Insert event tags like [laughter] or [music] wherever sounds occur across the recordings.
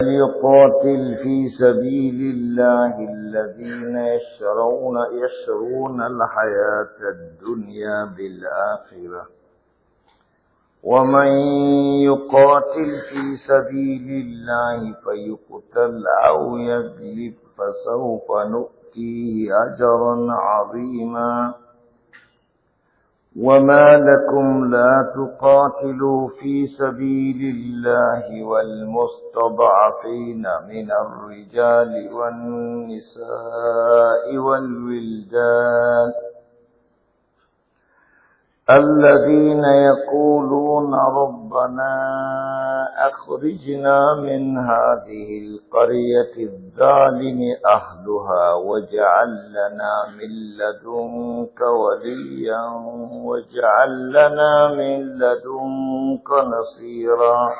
فليقاتل في سبيل الله الذين يشرون يشرون الحياة الدنيا بالآخرة ومن يقاتل في سبيل الله فيقتل أو يغلب فسوف نؤتيه أجرا عظيما وما لكم لا تقاتلوا في سبيل الله والمستضعفين من الرجال والنساء والولدان الذين يقولون ربنا أخرجنا من هذه القرية الظالم أهلها واجعل لنا من لدنك وليا واجعل لنا من لدنك نصيرا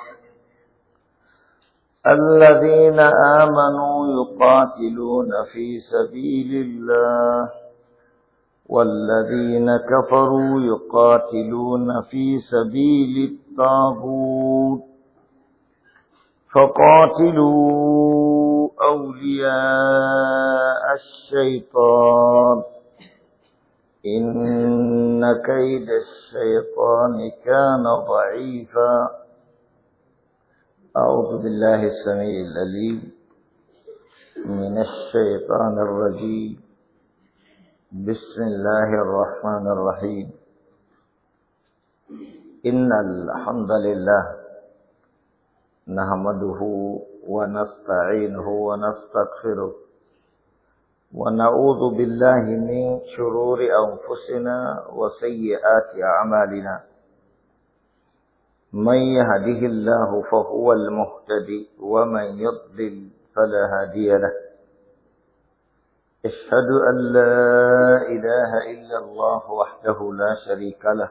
الذين آمنوا يقاتلون في سبيل الله والذين كفروا يقاتلون يقاتلون في سبيل الطاغوت فقاتلوا أولياء الشيطان إن كيد الشيطان كان ضعيفا أعوذ بالله السميع العليم من الشيطان الرجيم بسم الله الرحمن الرحيم إن الحمد لله نحمده ونستعينه ونستغفره ونعوذ بالله من شرور أنفسنا وسيئات أعمالنا من يهده الله فهو المهتدي ومن يضلل فلا هادي له اشهد ان لا اله الا الله وحده لا شريك له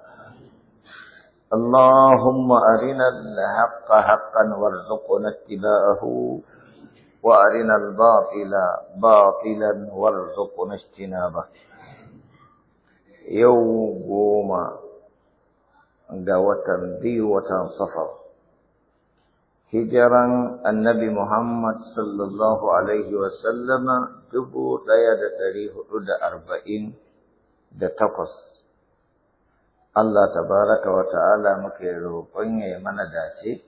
اللهم أرنا الحق حقا وارزقنا اتباعه وأرنا الباطل باطلا وارزقنا اجتنابه يوم قوة ذي وتنصفر hijiran annabi Muhammad sallallahu Alaihi wasallama dubu ɗaya da ɗari hudu da arba'in da takwas Allah tabaraka wa ta'ala muke roƙon ya mana dace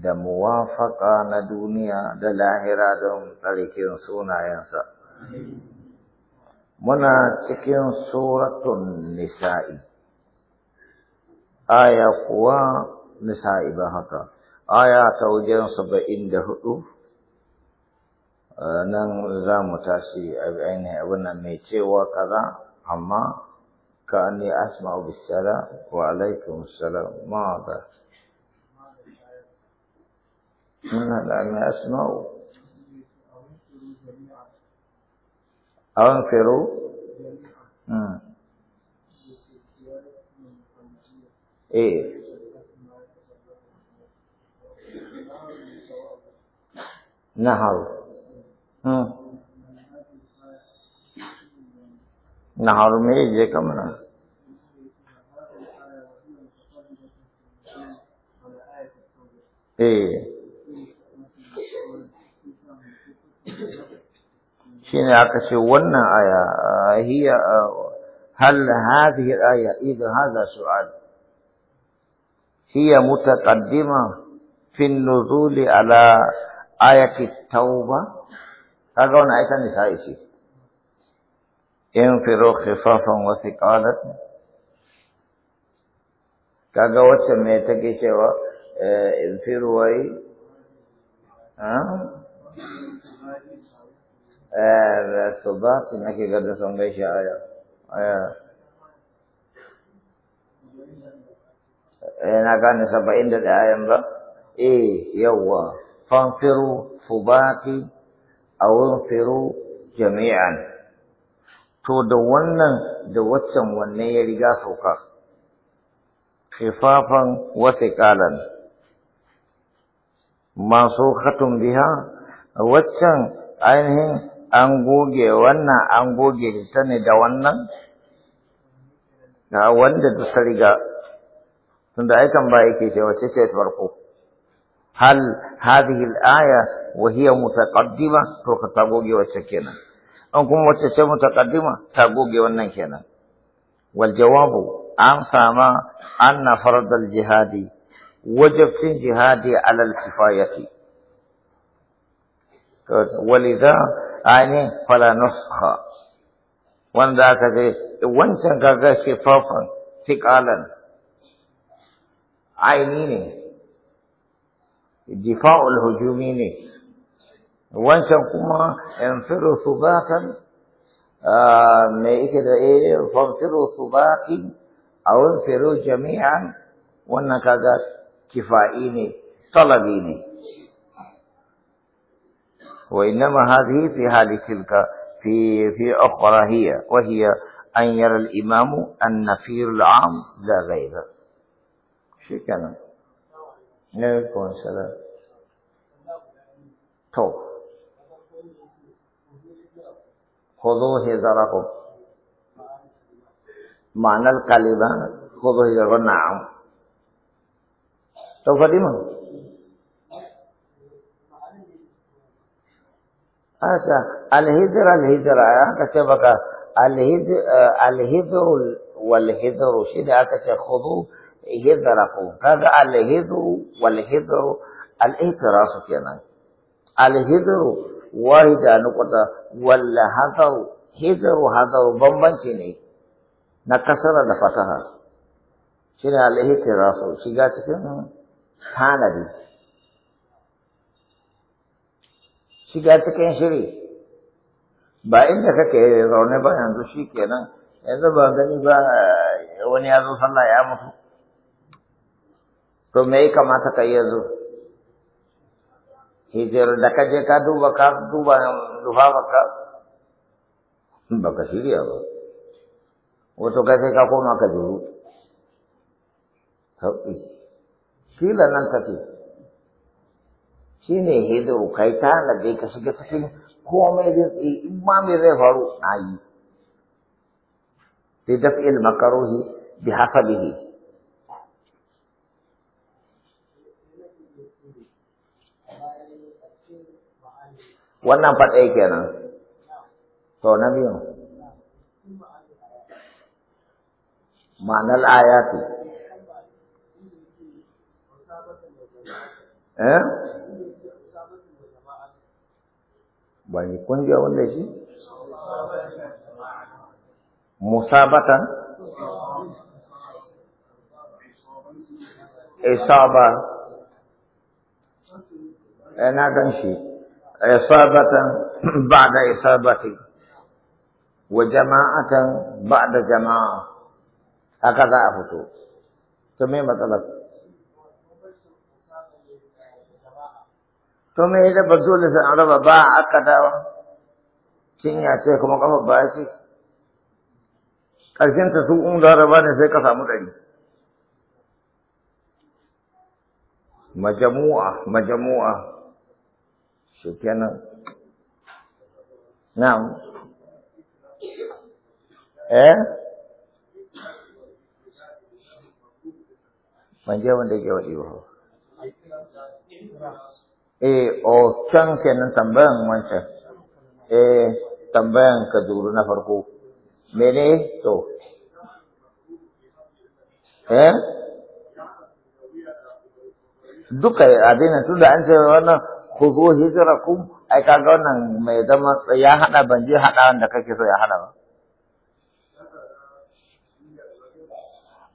da muwafaƙa na duniya da lahira don tsarkin sunayensa. Muna cikin suratun nisa'i, aya kuwa nisa'i ba haka, aya ta wajen saba'in da hudu, nan za mu tashi abin nan mai cewa kaza, amma كأني أسمع بالسلام وعليكم السلام ماذا لم أسمع أنفروا إيه نهوا نهار میری جے کمنا ايه شين عكسي ون آية هي هل هذه الآية إذا هذا سؤال هي متقدمة في النزول على آية التوبة أقول آية النساء شيء انفروا خفافا وثقالا كاغوات سميتا كيشوا آه، انفروا آه، آه، اي صدات نكي قد سميشا آية آية أنا كان سبا إند الآية مرا إيه يوا فانفروا صباتي أو انفروا جميعا to da wannan da waccan wanne ya riga sauka khifafan wa thiqalan mansukhatun biha waccan ainihin an goge wannan an goge ta ne da wannan ga wanda da riga tunda aikan ba yake cewa ce ce farko hal hadhihi al-aya wa hiya mutaqaddima to ka goge wacce kenan an kuma wacce ce mutaqaddima ta goge wannan kenan wal jawabu an sama anna fardal jihadi wajibcin jihadi alal kifayati walidha ani fala nuskha wanda aka ce wancan kaga shifafan tiqalan aini ne difa'ul hujumi ne wancan kuma yanfiru subatan me yake da eh fanfiru subatin aw yanfiru jami'an wannan kaga kifa'i ne talabi ne wa fi tilka fi fi في hiya wa hiya an yara al imam an nafir al am la ghayra shikana ne ko sala to خذوا هزركم معنى الكلمة خذوا هزركم نعم تو فاطمة هذا الهجر الهجر كتبك الهجر الهجر والهجر شدة خذوا هجركم هذا الهجر والهجر الاعتراف كنا الهجر wahida kwata walla hazaru hidaru hazaru bambanci ne na kasara da fasaha ne al-ihtirafu shiga cikin tanadi shiga cikin shiri ba inda kake zaune ba yanzu shi kenan yanzu ba gani ba wani ya zo sallah ya mutu to me kamata ka yi yanzu hijirar da ka je ka duba ka duba dufa baka baka shiri ba wato kai sai ka koma ka juru sauƙi kila nan take shi ne hijiru kai ta nade ka shiga cikin komai zai tsaye in ma me zai faru na yi bi daf'il makaruhi bi hasabihi wannan fa ɗaya kenan to na biyu ma'anar ayatu eh ban yi kungiya wanda shi musabatan isaba ina eh, gan shi إصابة بعد إصابة وجماعة بعد جماعة هكذا أفتو تمہیں مطلب تمہیں sai بدول سے عرب با أكدا cinya ce kuma kafa baya ce ta su un da ne sai ka samu ɗari majamu'a majamu'a shikenan na'am eh manje je wanda yake waɗi ba eh o oh, can kenan tambayan wancan eh tambayan ka duru na farko mene to eh duka abin tunda an ce wannan ku zo ku ai kaga wannan mai zama ya hada ban je hada da kake so ya hada ba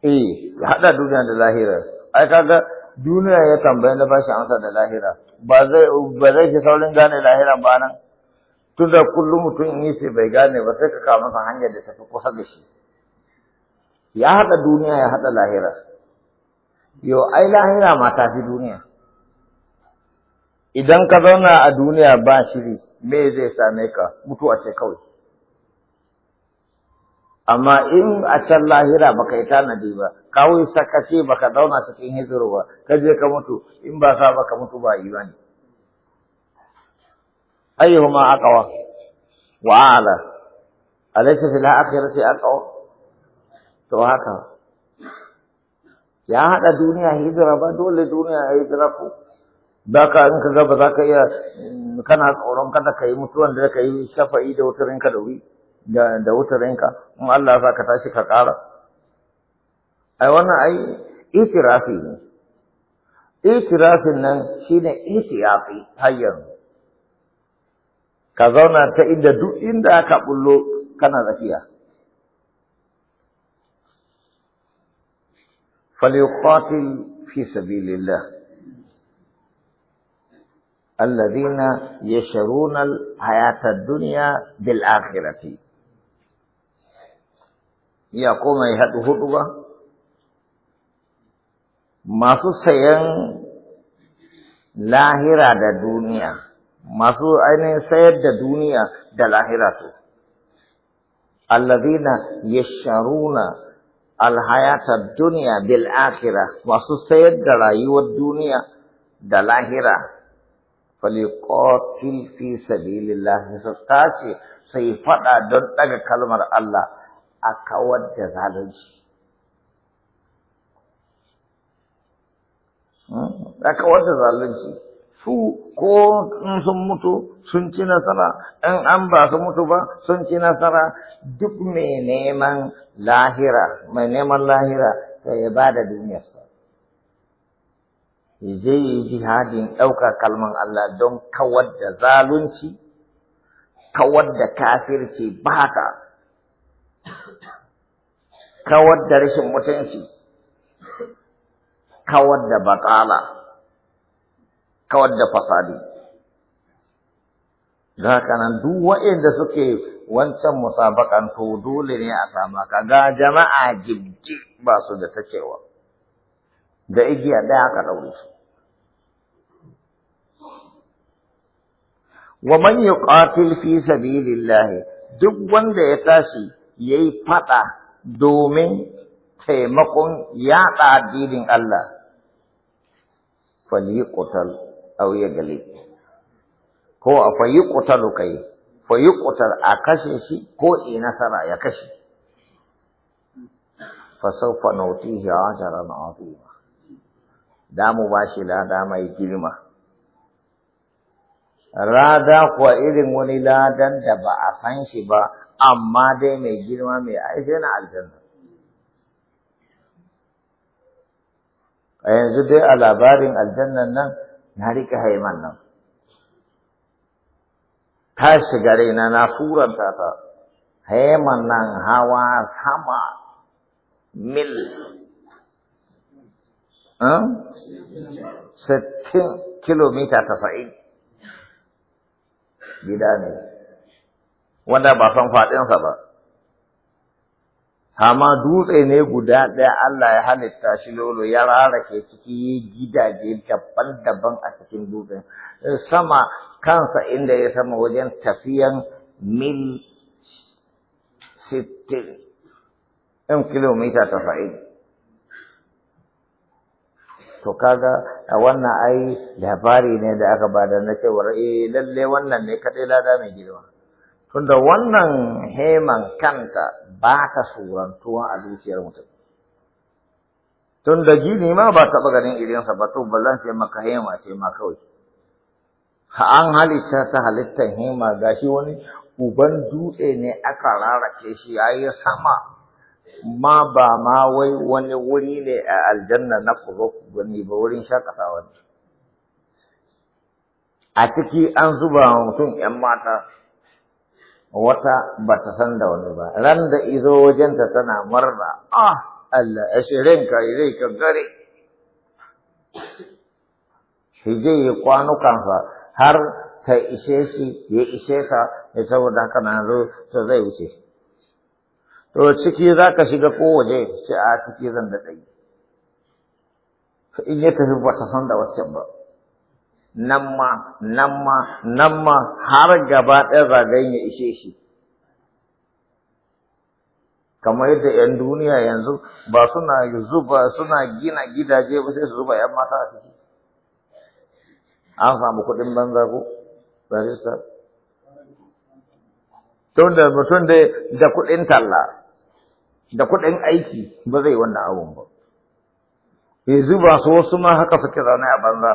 eh ya hada duniya da lahira ai kaga duniya ya tambaye na bashi amsa da lahira ba zai ba zai fi saurin gane lahira ba nan tunda kullum mutum in yi sai bai gane ba sai ka kawo masa hanyar da tafi kusa da shi ya hada duniya ya hada lahira yo ai lahira ma ta fi duniya idan ka zauna a duniya ba shiri me zai same ka mutuwa ce kawai amma in a can lahira baka yi tanadi ba kawai sakace baka zauna cikin hijiru ba ka je ka mutu in ba sa baka mutu ba yi ayyuhu ma aqwa wa a'la alaysa fil akhirati aqwa to haka ya hada duniya hijira ba dole duniya hijira ko da ka in ka ga za ka iya kana tsoron kada ka yi mutuwan da ka yi shafa'i da wutarinka da wuri da wutarinka in Allah ya ka tashi ka ƙara ai wannan ai itirafi ne itirafin nan shine itiyafi har ka zauna ta inda duk inda aka bullo kana lafiya. فليقاتل fi سبيل الذين يشرون الحياة الدنيا بالآخرة يقوم hudu ba masu sayan lahira da duniya masu ainihin sayar da duniya da lahira to ya yasharuna alhayata duniya bil akhirah masu sayar da rayuwar duniya da lahira فليقاتل في سبيل الله sai سيفدا دون daga kalmar Allah a kawar da zalunci hmm? a kawar zalunci su ko in sun mutu sun ci nasara in an ba su mutu ba sun ci nasara duk mai neman lahira mai neman lahira ta ya ba da duniyarsa zai yi jihadin ɗaukar kalman Allah don kawar da zalunci, kawar da kafirci baka, kawar da rashin mutunci, kawar da bakala, kawar da fasadi. Za ka nan duk waɗanda suke wancan musabakan to dole ne a sama ka ga jama'a jibji ba su da ta cewa. da igiya ɗaya aka ɗaure shi wa man yuqatil fi sabilillahi duk wanda ya tashi yayi faɗa domin taimakon yaɗa addinin Allah falyuqtal aw yagali ko a falyuqtalu kai falyuqtal a kashe shi ko i nasara ya kashe fasawfa nutihi ajaran azima da mu ba shi lada mai girma. Rada kuwa irin wani ladan da ba a san shi ba, amma dai mai girma mai aiki na aljanna. A yanzu dai a labarin aljannan nan na rika haiman nan. Ta shiga raina na furanta ta, haiman nan hawa sama mil sittin kilomita tasa'in gida ne wanda ba san faɗinsa ba amma dutse ne guda ɗaya Allah ya halitta shi lolo ya rarake ciki yi gidaje daban-daban a cikin dutsen sama kansa inda ya sama wajen tafiyan mil sittin ɗin kilomita tasa'in to kaga a wannan ai labari ne da aka bada na cewa eh lalle wannan ne kadai lada mai girma tunda wannan heman kanta ba ta surantuwa a zuciyar mutum tunda gini ma ba taɓa ganin irinsa ba to ballan sai maka hema ce ma kawai an halitta ta halittar hema gashi wani uban dutse ne aka rarake shi yi sama ma ba ma wai wani wuri ne a aljanna na kubo gani ba wurin shakatawa ne a ciki an zuba wa mutum ‘yan mata wata ba ta san da wani ba ran da izo wajenta tana murna ah Allah ashirin ka yi zai gare shi je ya kwanukansa har ta ishe shi ya ishe ka saboda haka na zo ta zai wuce shi to ciki za ka shiga kowane sai a ciki zan da ɗai in ya tafi ba ta san da waccan ba nan ma nan ma nan ma har gaba ɗaya zagayen ya ishe shi kamar yadda 'yan duniya yanzu ba suna zuba suna gina gidaje ba sai su zuba 'yan mata a ciki an samu kuɗin banza ko barista tun da mutum da kuɗin talla da kuɗin aiki ba zai wanda abun ba Me zuba su wasu ma haka suke zaune a banza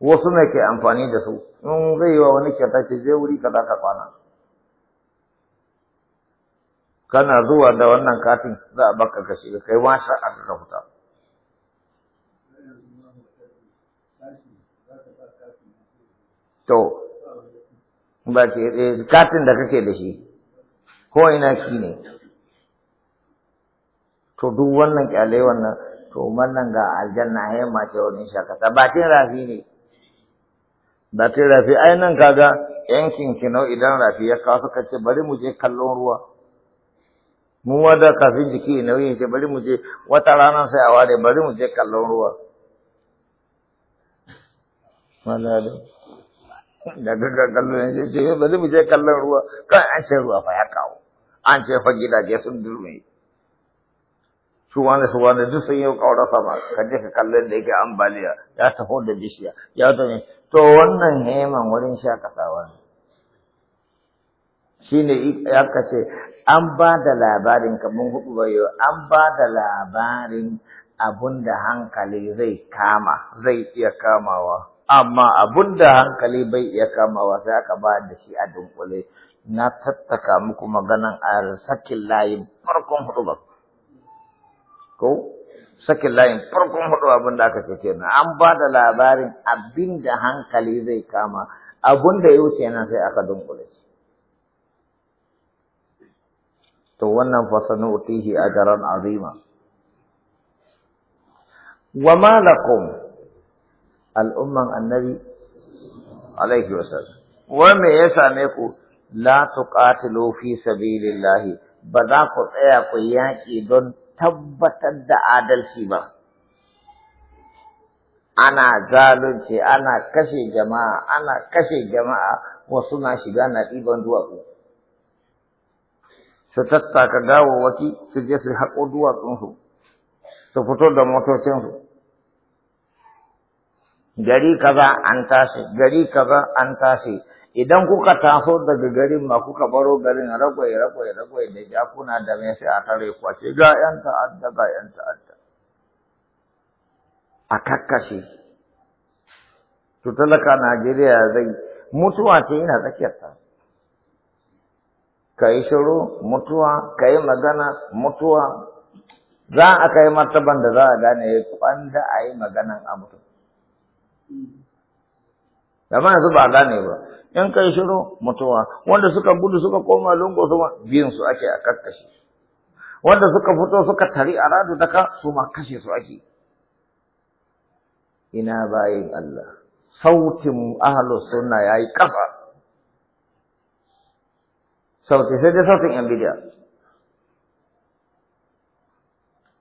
wasu ne ke amfani da su in zai yi wa wani kyauta ce je wuri za ka kwana kana zuwa da wannan katin za a baka ka shiga kai ma sha aka ka fita to ba ke eh, katin da kake da shi ko ina shi ne to duk wannan kyale wannan to wannan ga aljanna ya mace wani shakata bakin rafi ne bakin rafi ai nan kaga yankin kino idan rafi ya kawo suka ce bari mu je kallon ruwa mu wada kafin jiki nauyin ce bari mu je wata rana sai a ware bari mu je kallon ruwa daga kallon ya ce bari mu je kallon ruwa kan an ce ruwa fa ya kawo an ce fa gidaje sun durme su wane su wane duk sun yi sama ka je ka kallon da yake ambaliya ya taho da bishiya ya zama to wannan neman wurin shakatawa ne shine aka ce an ba da labarin kamar hudu bayo an ba da labarin abun da hankali zai kama zai iya kamawa amma abun da hankali bai iya kamawa sai aka ba da shi a dunkule na tattaka muku maganan a sakin layin farkon hudu ko sakin layin farkon hudu abin da aka ce na an ba da labarin abin da hankali zai kama abin da ya wuce nan sai aka dunkule shi to wannan fasanu utihi garan azima wa malakum al'umman annabi alaihi wasallam wa me ya same ku la tuqatilu fi sabilillahi ba za ku tsaya ku yaƙi don tabbatar da adalci ba. Ana zalunci, ana kashe jama'a, ana kashe jama'a wasu na shiga na ɗiban duwatsu. Su tattaka gawawaki su je su haƙo duwatsunsu, su fito da motocinsu. Gari kaza an tashi, gari kaza an tashi, idan kuka taso daga garin ma kuka baro garin ragwai ragwai ragwai da jakuna da mai sai a tare kwace ga yan ta'adda ga yan ta'adda a kakkashe to talaka Najeriya zai mutuwa ce yana tsakiyar ta kai shiru mutuwa kai magana mutuwa za a kai martaban da za a gane kwanda a yi maganan a mutum da ba yanzu ba gane ba in kai shiru mutuwa wanda suka gudu suka koma lungo suma ma biyan su ake a kakkashi wanda suka fito suka tari a radu da ka su kashe su ake ina bayin Allah sautin ahlu sunna yayi kafa sauti sai dai sautin yan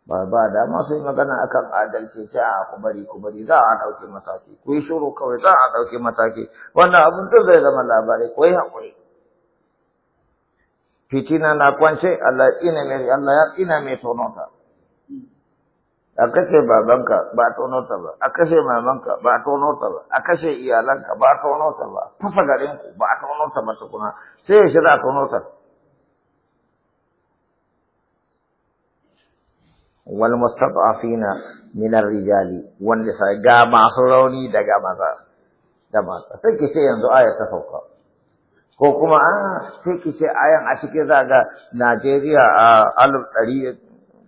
ba ba da ma sai magana akan adalci sai a ku bari ku bari za a dauke mataki ku yi shuru kawai za a dauke mataki wannan abun duk zai zama labarai koi hakuri fitina na kwance Allah ina mai Allah ya ina mai tonota a kashe babanka ba tonota ba a kashe mamanka ba tonota ba a kashe iyalanka ba tonota ba fasa garinku ba tonota ba tukuna sai ya shira tonota wal mustad'afina min ar-rijali wanda nisa ga ma rauni daga maza da maza sai ki ce yanzu aya ta sauka ko kuma a sai ki ce ayan a cikin zaga Najeriya a alif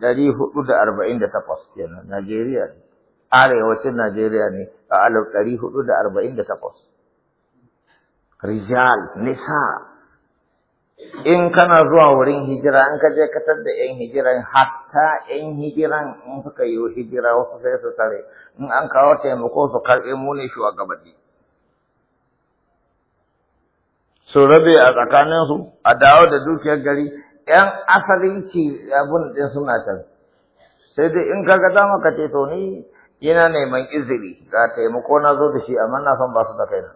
ɗari da arba'in da takwas kenan Najeriya arewacin Najeriya ne a alif ɗari da arba'in da takwas rijal nisa in kana zuwa wurin hijira in ka je ka da yan hijiran hatta yan hijiran in suka yi hijira wasu sai su tare in an kawo taimako su karɓe mu ne gabadi su rabe a tsakaninsu a dawo da dukiyar gari yan asalin ci abun din suna can sai dai in ga dama ka ce to ni yana neman izini ga taimako na zo da shi amma na san ba su da kaina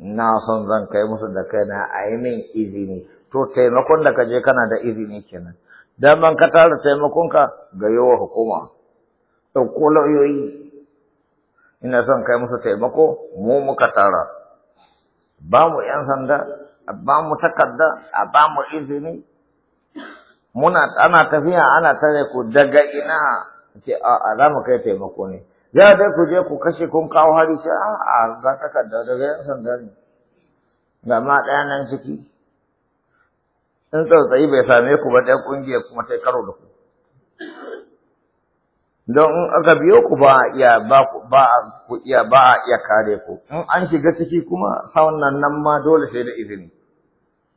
na son zan kai musu da kaina a yi min izini to taimakon da ka je kana da izini kenan daman ka tara taimakonka ga yawa hukuma ɗauko lauyoyi ina son kai musu taimako mu muka tara ba mu ‘yan sanda a ba mu takarda ba mu izini muna ana tafiya ana tare ku daga ina ce a za mu kai taimako ne ya dai ku je ku kashe kun kawo hari sai a ga takarda daga yan sanda ne gama ɗaya nan ciki in tsautsayi bai same ku ba ɗaya ƙungiyar kuma ta karo da ku don in aka biyo ku ba iya ba ku iya ba iya kare ku in an shiga ciki kuma saunan nan ma dole sai da izini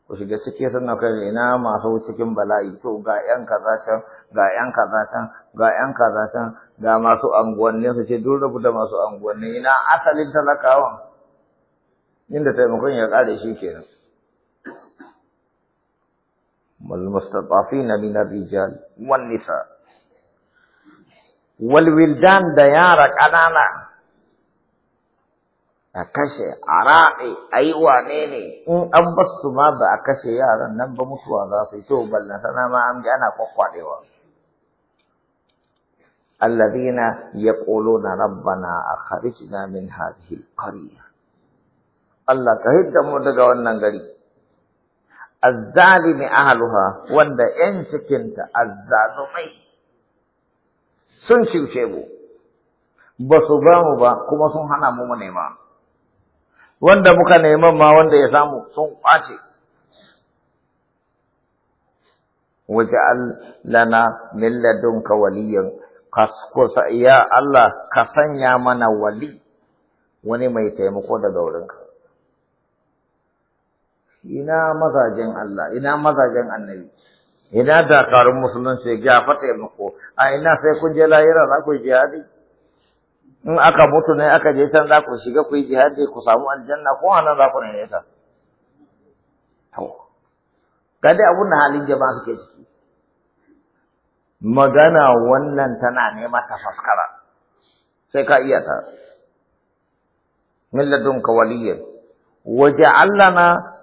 ku shiga ciki sannan kai ina masu cikin bala'i to ga yan kaza can ga yan kaza can ga yan kaza can da masu anguwanni su ce duk rubuta masu anguwanni ina asalin talakawan inda taimakon ya kare shi kenan mal والمستضعفين من الرجال والنساء والولدان ديارك أنانا a kashe a raɗe a yi wane ne in an basu ma ba a kashe yaran nan ba mutuwa za su yi to ballantana ma an ji ana kwakwaɗewa. Allah dina ya ƙolo na rabana a kari jina mini haƙe kwallo. Allah ka hiddamu daga wannan gari. A zalimi a halua, wanda 'yan cikinta a zazo sun shushe mu. Ba su bamu ba kuma sun hana mu nema. Wanda muka nema ma wanda ya samu sun kwace Wace allana lilla don waliyyan ya Allah ka sanya mana wali wani mai taimako daga wurinka. Ina mazajen Allah, ina mazajen annabi, ina dakarun musulunci fa taimako, a ina sai kun je lahira za ku yi jihadi. In aka mutu ne aka je can za ku shiga ku yi jihadi ku samu aljanna ko anan za ku nesa. To, ga abun halin jama'a suke ciki. magana wannan tana nema ta faskara sai ka iya ta Waje waliyyan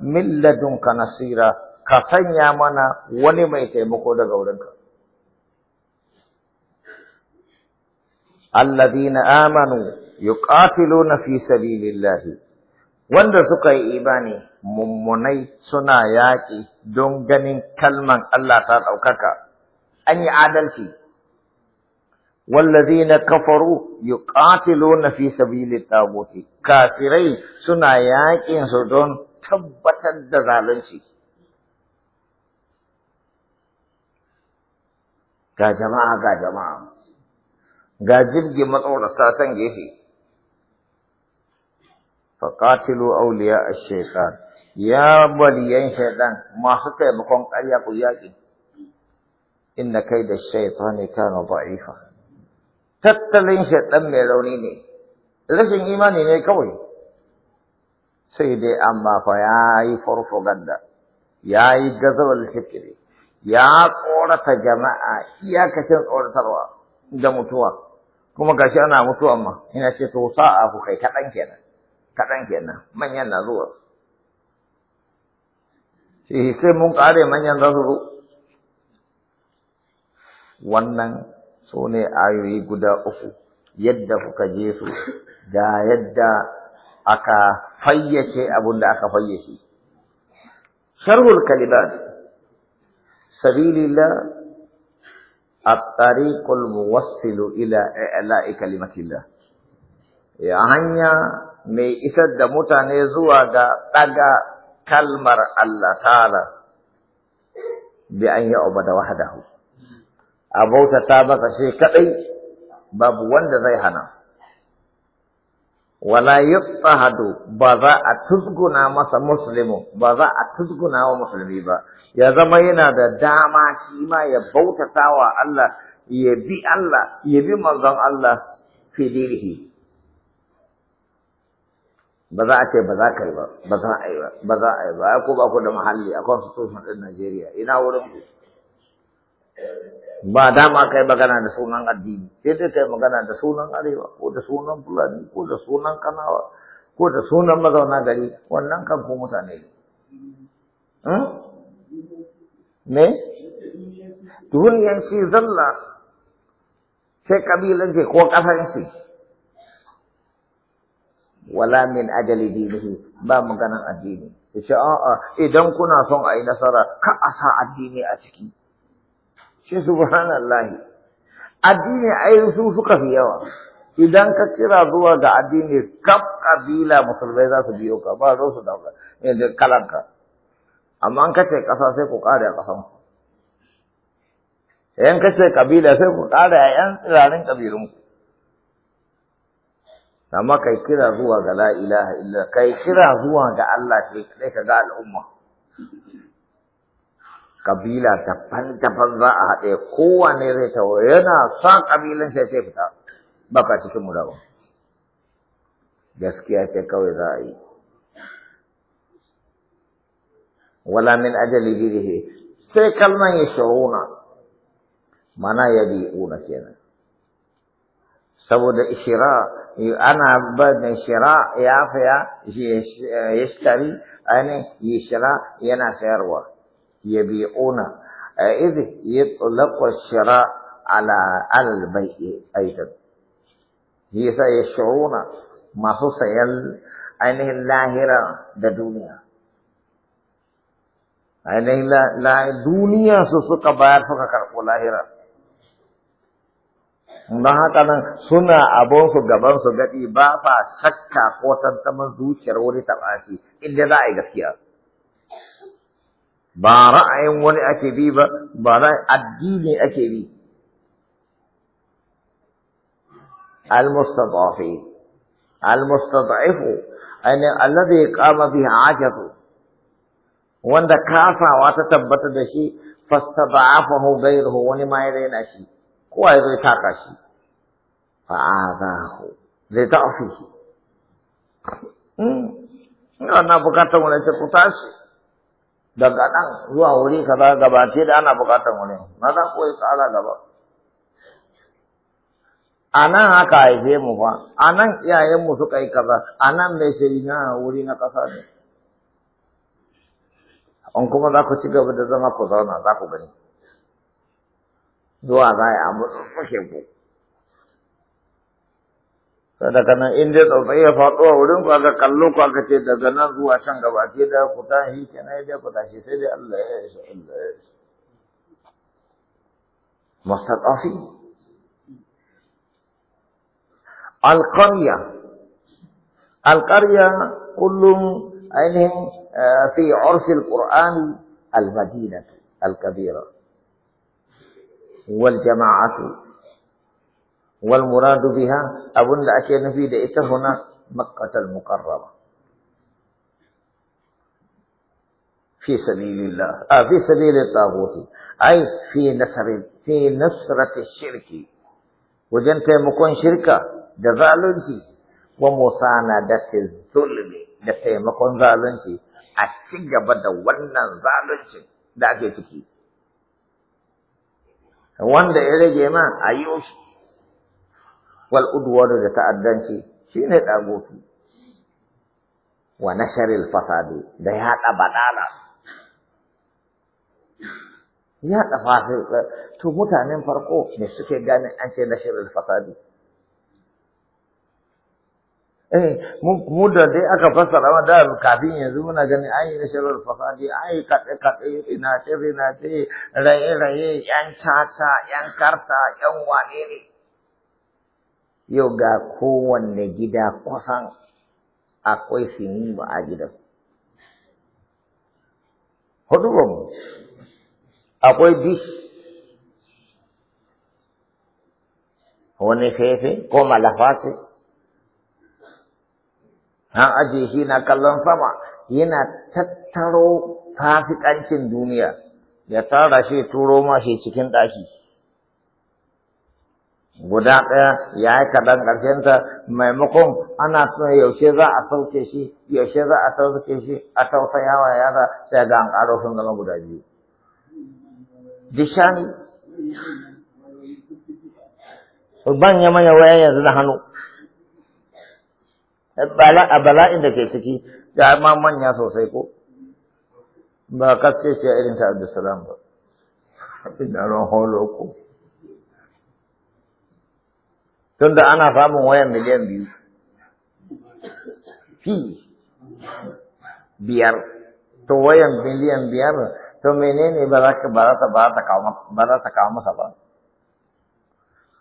milladun ka nasira ka sanya mana wani mai taimako daga wurinka alladhina amanu yuqatiluna fi sabilillahi wanda suka yi imani mummunai suna yaƙi don ganin kalman Allah ta ɗaukaka an yi adalci na kafaru yuqatiluna fi sabilit taguti kafirai suna yaƙinsu don tabbatar da zalunci ga jama'a ga jama'a ga jirgin matsorata san gefe Faƙatilo auliya a shekar ya baliyan shaidan masu taimakon ƙarya ku yaƙi inna kaida shaytani kana da'ifa tattalin shaytan mai rauni ne rashin imani ne kawai sai dai amma fa ya yayi farfaganda yi gazawar fikri ya tsorata jama'a iyakacin tsoratarwa da mutuwa kuma gashi ana mutuwa ma ina ce to sa'a ku kai kaɗan kenan kaɗan kenan manyan na zuwa sai mun ƙare manyan za su zo wannan sune ne ayoyi guda uku yadda kuka je su da yadda aka fayyace abin da aka fayyace sharhul kalimat sabilillah at-tariqul muwassilu ila كلمة kalimatillah ya hanya mai isar da mutane zuwa ga daga kalmar Allah ta'ala bi an yi wahdahu a bautata masa shi kaɗai babu wanda zai hana. Wala yutsahadu ba za a tuzguna masa musulmi ba za a tuzguna wa musulmi ba, ya zama yana da dama shi ma ya bautata wa Allah, ya bi Allah, ya bi manzon Allah fi dinihi. Ba za a ce ba za ka yi ba, ba za a yi ba, ba za a yi ba, ko ba ku da muhalli a constitution ɗin Najeriya, ina wurin ku. ba dama kai magana da sunan addini sai dai kai magana da sunan arewa ko da sunan fulani ko da sunan kanawa ko da sunan mazauna gari wannan kan ko mutane ne hmm? me duniyanci zalla sai kabilanci ko kafanci wala min ajali dinihi ba maganan addini ya ce a'a idan kuna son a yi nasara ka a sa addini a ciki shi subhanallahi addini ai su suka fi yawa idan ka kira zuwa ga addini kaf kabila musulmai za su biyo ka ba za su dauka yanzu kalanka amma an kace kasa sai ku kare kasan ku yan kace kabila sai ku kare yan tsirarin kabilun ku amma kai kira zuwa ga la ilaha illa kai kira zuwa ga Allah sai kai ka ga al'umma kabila daban-daban za a haɗe kowane zai tawo yana sa kabilan sai sai fita baka cikin mu daban gaskiya ce kawai za a yi wala min ajali dirihi sai kalman ya shuruna mana ya bi'una kenan saboda ishira ana bada shira ya fiya ya shari ainihin ishira yana sayarwa ya bi ona a izi ya tsula kwa shira ala albai ya sa masu sayan ainihin lahira da duniya ainihin lahira duniya su suka bayar suka lahira na haka nan suna abon su gaban su gadi ba fa shakka ko tantamin zuciyar wani tabbaci inda za a yi gaskiya ba ra'ayin wani ake bi ba ra'ayin addini ake bi al-mustadafi al-mustadafu aini allada ya kama bi hajjatu wanda kasawa ta tabbata da shi fastadafa hu gairu wani ma ya raina shi kowa ya zai taka shi fa aza hu zai ta ofishi hmm. in yana bukatar wani ta kuta shi daga nan zuwa wuri kaza gabace da ana buƙatar wani maza ko ya ƙara gaba a nan haka haife mu fa a nan iyayenmu suka yi kaza a nan mai shiri ah, na wuri na kasa ne in kuma za ku ci gaba da zama ku zauna za ku gani zuwa za a yi a mutsutsuke ku daga nan in dai tsautsayi fatwa faɗo a wurin kaga kallo ko aka ce daga nan zuwa can gaba ke da hi tashi kenan dai ku tashi sai dai Allah ya isa Allah ya isa mustaqafi alqarya alqarya kullum ainihin fi Al alqur'ani Al Kabira wal jama'atu والمراد بها أبن abunda نفي nufi هنا مكة huna في سبيل الله آه في سبيل الطاغوت أي في نصر في نصرة الشرك وجنت مكون شركة دزالنشي ومصانعة الظلم دسي مكون زالنشي أشجع بدا ونن زالنشي دعك تكي wanda ya rage ma a yi shi wal udwanu da ta'addanci shine dagofi wa nasharil fasadi da yaɗa badala yaɗa fasir to mutanen farko ne suke gane an ce nasharil fasadi eh mu da dai aka fassara ma da kafin yanzu muna ganin an yi nasharar fasadi an yi kaɗe kaɗe rinace rinace raye raye yan caca yan karta yan wanene. ne yau ga kowanne gida kusan akwai sinimu a gidan. Hudu ba mu, akwai dish, wani fefe ko malafa an ajiye shi na kallon sama yana tattaro fafikancin duniya, ya tara shi turo ma shi cikin ɗaki. guda ɗaya ya yi kaɗan ƙarshenta maimakon ana so yaushe za a sauke shi yaushe za a sauke shi a tausayawa yara sai ga an ƙaro sun zama guda biyu dishani ban ya manya waya yanzu na hannu a bala'in da ke ciki ga ma manya sosai ko ba kaske shi a irin ta abdulsalam ba abin da ran holo ko tunda ana samun wayan miliyan biyu fi biyar to wayan miliyan biyar to menene ba za ka ba za ta kawo masa ba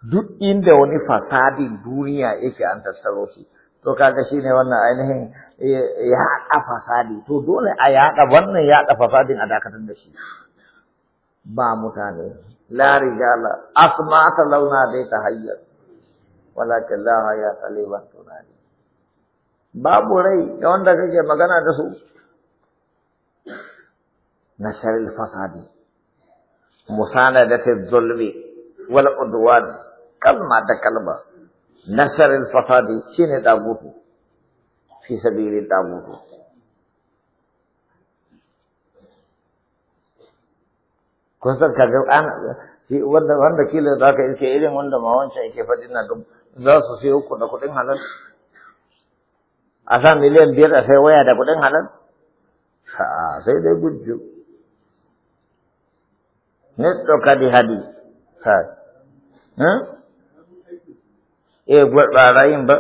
duk inda wani fasadin duniya yake an tattaro shi to kaga shi ne wannan ainihin ya haɗa fasadi to dole a yaɗa wannan yaɗa fasadin a dakatar da shi ba mutane la rijala asma ta launa dai ta hayyar walakin laha ya taliban tunani babu rai da wanda kake magana da su na sharil fasadi ta zulmi wal udwan kalma da kalma nasaril fasadi shine dagutu fi sabili dagutu kun san kaga an wanda wanda kila zaka iske irin wanda ma wancan yake faɗi na duk za su sai uku da kuɗin halal a sa miliyan biyar a sai waya da kuɗin halal sai dai gujju ne tsoka di hadi hm? eh yin ba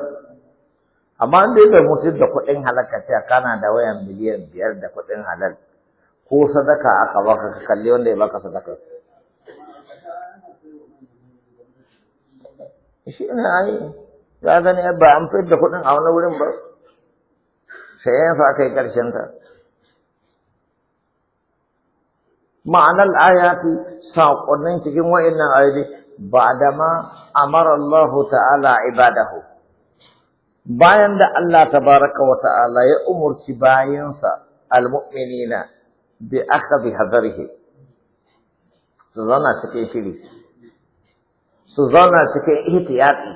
amma in dai bai mutu da kuɗin halal ka ce kana da wayan miliyan biyar da kuɗin halal ko sadaka aka baka ka kalli wanda ya baka sadaka shi ne yi gani ba an fi da kuɗin a wani wurin ba sai ya fa kai ƙarshen ta ma'anar ayati saƙonnin cikin wa'annan ayoyi ba da ma amara Allah ta'ala ibadahu bayan da Allah baraka wa ta'ala ya umurci bayansa almu'minina bi akhadhi hadarihi zana cikin shiri su zauna cikin ihtiyati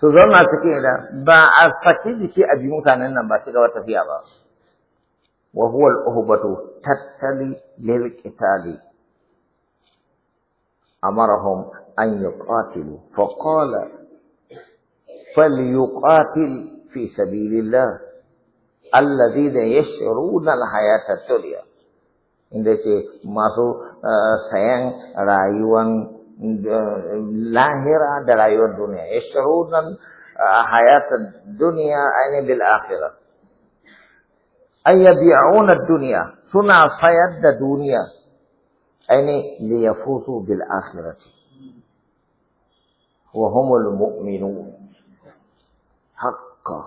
su zauna cikin da ba a saki jiki a bi mutanen nan ba shiga tafiya ba wa huwa al-uhbatu tattali lil qitali amarahum an yuqatilu fa qala falyuqatil fi sabilillah alladhina yashruna al-hayata ad-dunya inda ce masu sayan rayuwan lahira da rayuwar duniya yashrunan hayatad dunya aini bil akhirah ay yabi'una dunya suna sayar da duniya aini li yafuzu bil akhirati wa humul mu'minun haqqan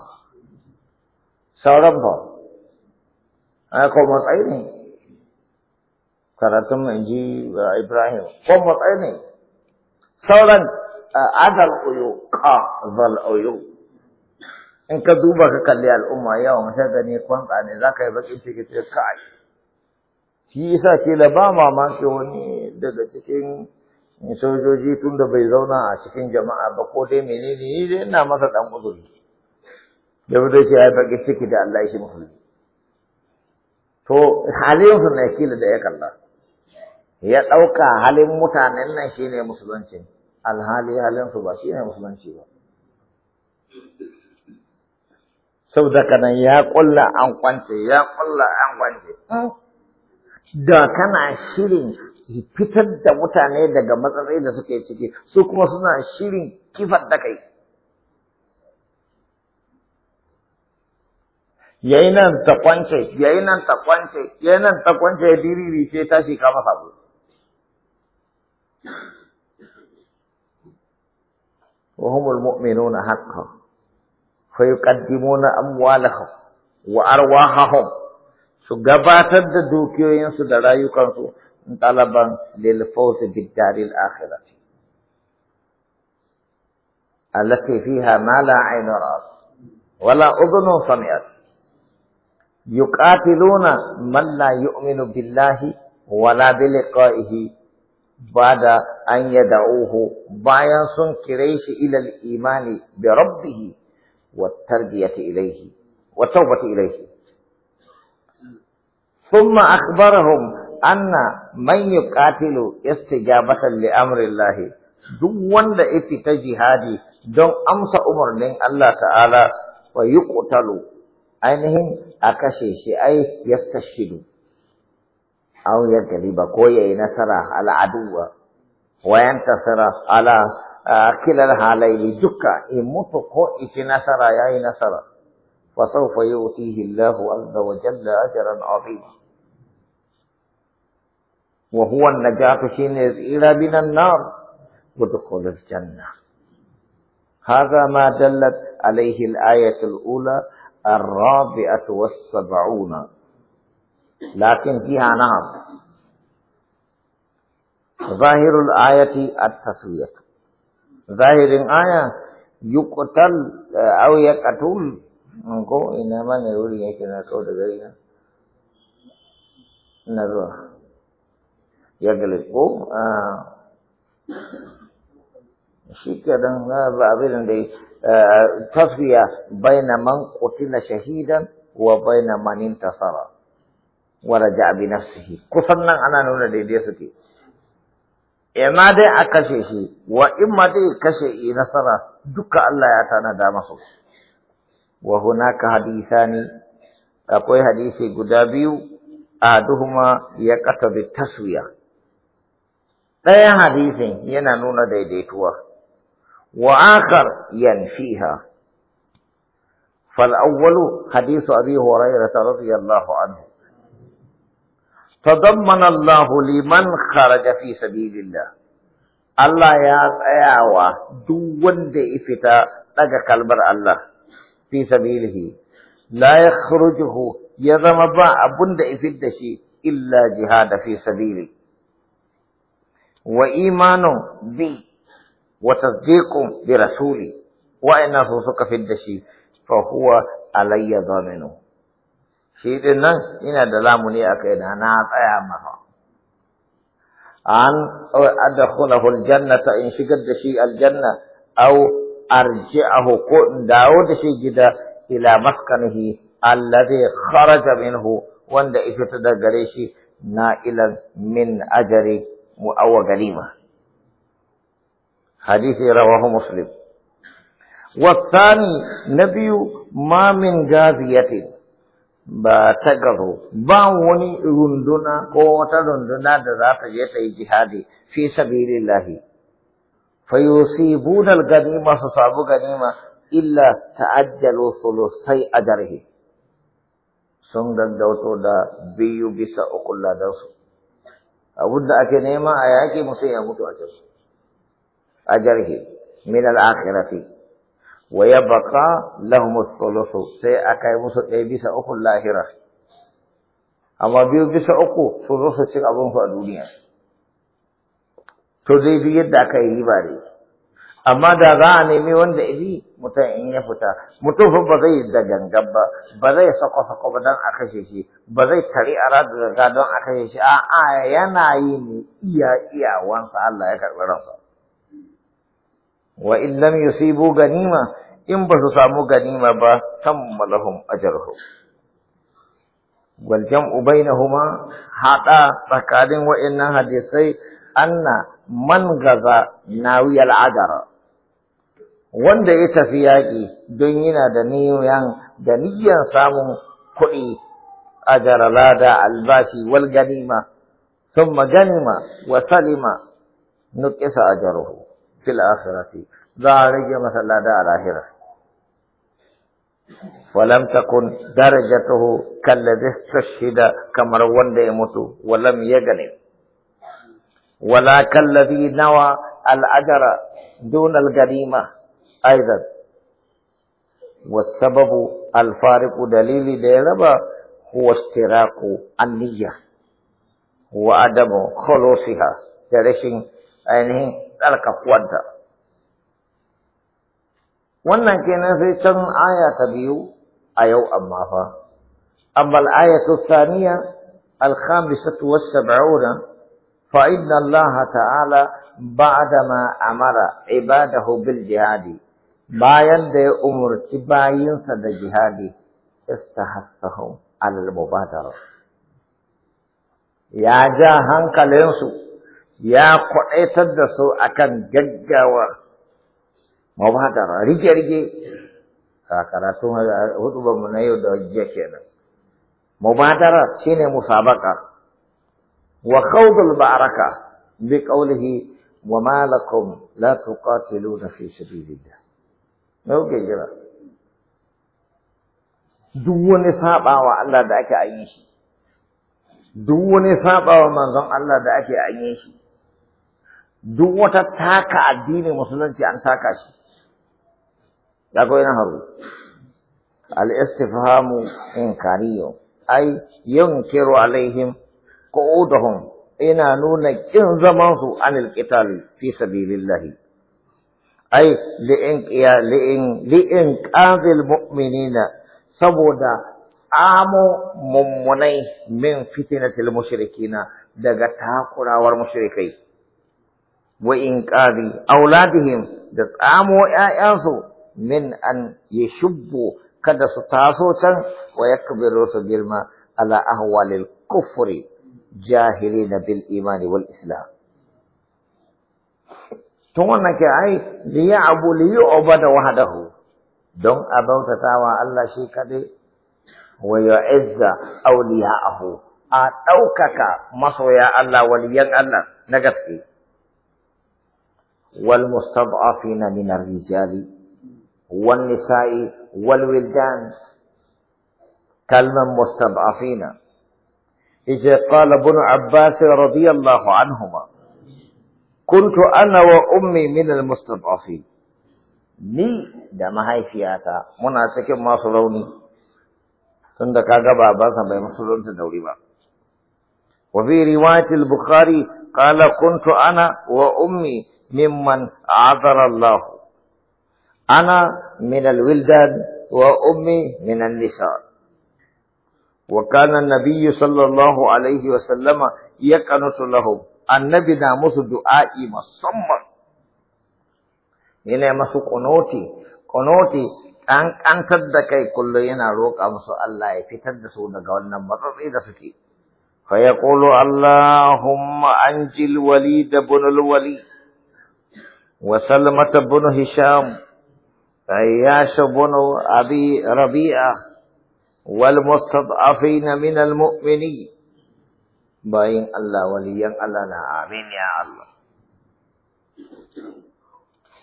sauran ba a ko matsayi ne karatun in ji Ibrahim ko matsayi ne sauran eh, adal uyu ka zal uyu in ka duba ka kalli al'umma yawan sai gani kwanta ne za ka yi bakin ciki ce kai shi yasa ke da ba mamaki wani daga cikin sojoji tun da bai zauna a cikin jama'a ba ko dai menene ni dai ina masa dan uzuri da bude ce ya bakin ciki da Allah shi to halin su ne kila da ya kalla ya ɗauka halin mutanen nan shi ne musulunci alhali halinsu ba shi ne musulunci ba Sau da kanan ya ƙulla an kwance ya ƙulla an kwance hmm. da kana shirin fitar da mutane daga matsayi da suke ciki su kuma suna shirin kifar da kai yayi nan ta kwance yayi nan ta kwance yayi nan ta kwance diriri ce tashi kama sabo وهم المؤمنون حقا فيقدمون أموالهم وأرواحهم سقباتا الدوكيو ينسو دلا كانسو طلبا للفوز بالدار الآخرة التي فيها ما لا عين رأس ولا أذن سمعت يقاتلون من لا يؤمن بالله ولا بلقائه bada an ya da'uhu bayan sun kire shi ilal imani bi rabbih wa tarbiyati ilayhi wa tawbati ilayhi thumma akhbarahum anna man yuqatilu istijabatan li amri llahi duk wanda ya ta jihadi don amsa umarnin Allah ta'ala wa yuqtalu ainihin a kashe shi ai yastashidu أو يجلب كوي نصر على عدوة وينتصر على آه، كلا الحالين دكا يموت كوي نصر يا نصر فسوف يؤتيه الله عز وجل أجرا عظيما وهو النجاة شين إلى من النار ودخول الجنة هذا ما دلت عليه الآية الأولى الرابعة والسبعون lakin fiha nahar zahirul ayati at-taswiyah zahirin aya yuqtal aw yaqtul ko yake na kau da ya ko baina man shahidan wa baina man waraja bi nafsihi kusan nan ana nuna daidai suke ma dai a kashe shi wa in ma dai kashe yi nasara duka Allah ya da masa wa hunaka hadithani akwai hadisi guda biyu duhuma ya kata bi taswiya ɗayan hadisin yana nuna daidaituwa wa akar yanfiha fal awwalu hadithu abi hurairah radiyallahu anhu تضمن الله لمن خرج في سبيل الله الله يا تياوا دون دئفتا تجا كالبر الله في سبيله لا يخرجه يضم با ابن دئفت دشي الا جهاد في سبيله وإيمان بي وتصديق برسولي وإن نصوصك في الدشي فهو علي ضامنه shi din nan ina da lamuni a kaina na tsaya masa an adkhulahu aljannata in shigar da shi al jannah arji'ahu ko in dawo da shi gida ila maskanihi alladhi kharaja minhu wanda ita ta da gare shi na'ilan min ajri mu'awwa galima hadisi rawahu muslim والثاني نبي mamin من جاذية ba ta gabo ba wani runduna ko wata runduna da za ta je ta yi jihadi fi sabilillahi fa budal budal ganima su sabu ganima illa ta'ajjalu sulusai ajrihi sun gaggauto da biyu bisa uku ladansu abin da ake nema a yaƙi musu ya mutu a jarhe a jarhi min al-akhirati wa ya baka lahumus sulusu sai aka yi musu ɗaya bisa uku lahira amma biyu bisa uku su zo su cin abinsu a duniya to dai duk yadda aka yi riba dai amma da za a nemi wanda iri mutum in ya fita mutum ba zai da gangan ba ba zai sako sako ba don a kashe shi ba zai tari a rada daga don a kashe shi a'a yana yi ne iya iyawansa Allah ya karɓi ransa wa in lam yusibu ganima in ba su samu ganima ba tamma lahum ajruhum wal jam'u bainahuma hada tsakanin wa'annan hadisai anna man gaza adara wanda ya tafi yaƙi don yana da niyan da niyyar samun kuɗi a jaralada albashi wal ganima sun maganima wa salima nuƙisa a في الآخرة za مثلا دار آخرة ولم تكن درجته كالذي استشهد كمروان ديمت ولم يغنم ولا كالذي نوى الأجر دون الغنيمة أيضا والسبب الفارق دليل ديربا هو استراق النية وعدم خلوصها ترشين أنه يعني tsarkakuwanta wannan kenan sai can aya ta biyu a yau amma fa amma al'ayatu thaniya الخامسة والسبعون فإن الله تعالى بعدما أمر عباده بالجهاد bayan da ya umarci bayinsa da jihadi istahassahum alal mubadara ya ja hankalinsu ya kwaɗaitar da su akan gaggawa mabadara rige-rige a karatun hudubanmu na yau da jiya kenan shi ne musabaka wa khawdul ba'araka bi qawlihi wa ma lakum la na fi sabilillah me kuke jira duk wani sabawa Allah da ake ayi shi duk wani sabawa manzon Allah da ake ayi shi duk wata taka addinin musulunci an taka shi ya ga na haru al istifhamu inkariyo ai yunkiru alaihim qu'udahum ina nuna kin zaman su anil qital fi sabilillahi ai li'in li'in li'in qabil mu'minina saboda amo mummunai min fitinatil mushrikina daga takurawar mushrikai wa inqadi auladihim da tsamo ƴaƴansu min an yashubbu kada su taso can wa yakbiru su girma ala ahwalil kufri jahilina bil imani wal islam tun wannan ke ai abu ya'bu oba da wahdahu don a bautatawa Allah shi kadai wa yu'izza ahu? a ɗaukaka masoya Allah waliyan Allah na gaske والمستضعفين من الرجال والنساء والولدان كلمة مستضعفين إذا قال ابن عباس رضي الله عنهما كنت أنا وأمي من المستضعفين ni da mahaifiyata muna cikin masu rauni tunda kaga babansa bai musulunta da wuri ba wa fi riwayatil bukhari qala kuntu ana wa ummi ممن عذر الله انا من الولدان وامي من النساء وكان النبي صلى الله عليه وسلم يقنص لهم النبي ناموس دعائي إنه ينا مسو قنوتي قنوتي ان ان كدكاي كل ينا روكا مسو الله يفتد سو دغ wannan matsatsi da suke fa yaqulu allahumma anjil walid ibn al walid wa sallama bunu hisham ay ya shabunu abi rabi'a wal min al mu'mini bayin allah waliyan allah na amin ya allah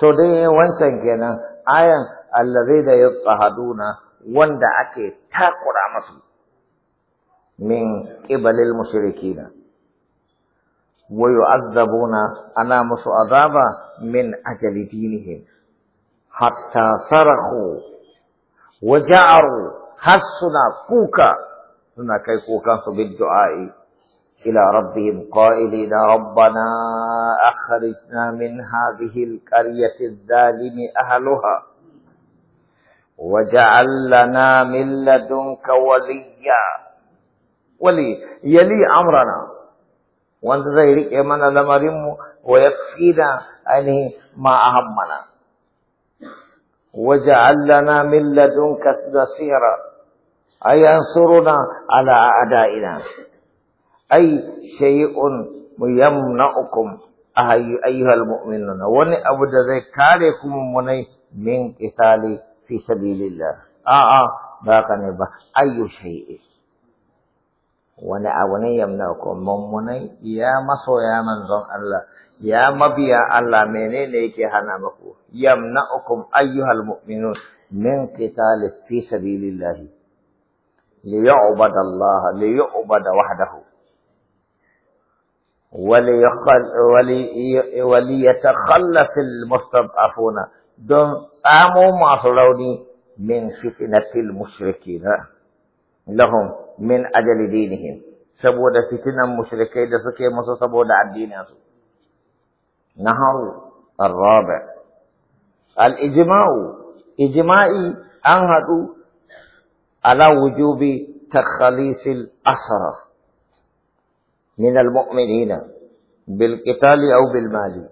to dai wancan kenan ayan allazi da yutahaduna wanda ake takura masu min ibalil mushrikina ويعذبون أنا مسعذابا من أجل دينهم حتى صرخوا وجعروا حسنا كوكا هنا كي كوكا بالدعاء إلى ربهم قائلين ربنا أخرجنا من هذه القرية الظالم أهلها وجعل لنا من لدنك وليا ولي يلي أمرنا وانت ذلك امانا لمريم ويكفينا ان ما اهمنا وجعل لنا من لدنك نصيرا اي انصرنا على اعدائنا اي شيء يمنعكم ايها المؤمنون وان ابد ذكاركم من من قتال في سبيل الله اه اه باقني با اي شيء wani abu ne yamna ku mummunai ya masoya manzon Allah ya mabiya Allah menene yake hana muku ukum ayyuhal mu'minun min qital fi sabilillah li liyu'bada Allah li liyu'bada wahdahu وليتخلف المستضعفون دون قاموا مع صلوني من فتنة المشركين لهم من أجل دينهم سبودا فتنة مشركين دسكي مصر سبود عن دينهم نهر الرابع الإجماع إجماعي أنهد على وجوب تخليص الأسرة من المؤمنين بالقتال أو بالمال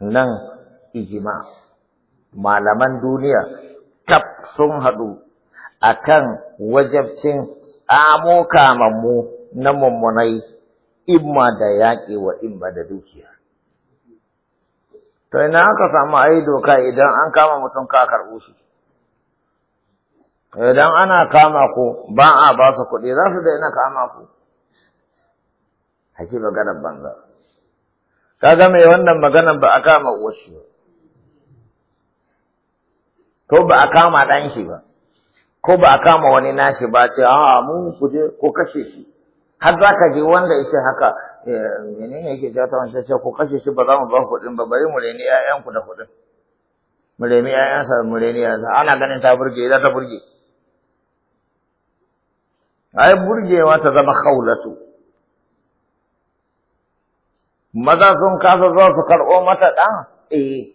نهر إجماع ما لمن دونيا tab sun haɗu a kan wajabcin amo kamammu na mummunai imma da yaƙi wa imma da dukiya. To ina aka samu a yi doka idan an kama mutum ka karɓo shi. Idan ana kama ku ba a ba su kuɗi za su daina kama ku. Hakika maganar banza. Ka ga mai wannan maganar ba a kama wasu. ko ba a kama ɗan shi ba ko ba a kama wani nashi ba ce a mu ku je ko kashe shi har za ka je wanda yake haka eh, menene yake jata ta wancan ce ko kashe shi ba za mu ba kuɗin ba bari mu reni 'ya'yanku da kuɗin mu reni ƴaƴansa mu reni ƴaƴansa ana ganin ta burge idan ta burge ai burgewa ta zama khaulatu maza sun kasa zuwa su karɓo mata ɗan eh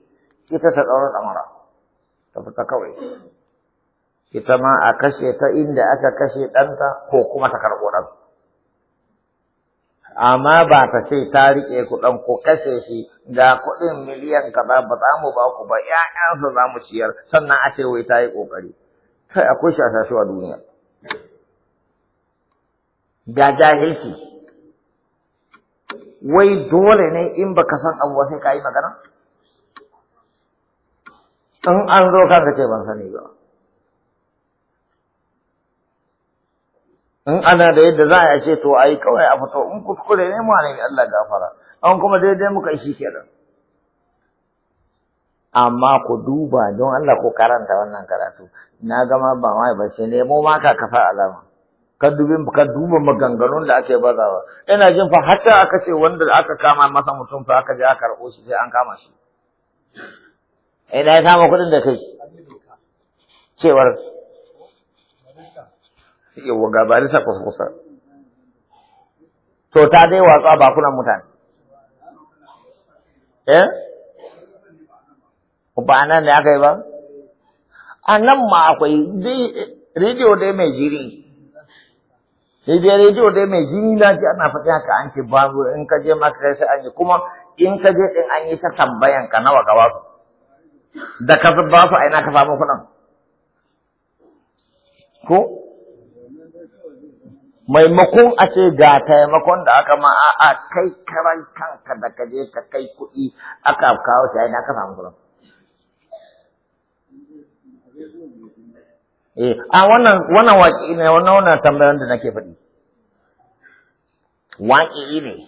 ita ta ɗaura ɗamara ta fita kawai ita ma a kashe ta inda aka kashe ɗanta ko kuma ta karɓo ɗan amma ba ta ce ta riƙe kuɗin ko kashe shi ga kuɗin miliyan kaza ba za mu ba ku ba ƴaƴansa za mu ciyar sannan a ce wai ta yi ƙoƙari kai akwai shashashu a duniya ga jahilci wai dole ne in baka san abu ba sai ka yi magana in an zo kanka ce ban sani ba in ana yadda za a to ayi kawai a fito in kuskure ne mu ne Allah gafara an kuma daidai muka shi kenan amma ku duba don Allah ku karanta wannan karatu na gama ba mai ba sai nemo ma ka kafa alama ka duba maganganun da ake bazawa ina jin fa hatta aka ce wanda aka kama masa mutum fa aka je aka karɓo shi sai an kama shi ina eh, ya samu kuɗin da kai cewar yawa ga sa kusa kusa to ta dai watsa bakunan mutane eh ba nan ne aka yi ba a nan ma akwai rediyo dai mai jiri Rediyo dai rediyo dai mai jini na ji ana fata haka an ce babu in ka je maka sai an yi kuma in ka je din an yi ta tambayan ka nawa wasu. da ka ba su aina ka samu kuɗin ko maimakon a ce ga taimakon da aka ma a kai karan kanka da ka je ka kai kuɗi aka kawo shi aina ka samu kuɗin Eh, a wannan wannan waƙi ne wannan wannan tambayar da nake faɗi. Waƙi ne.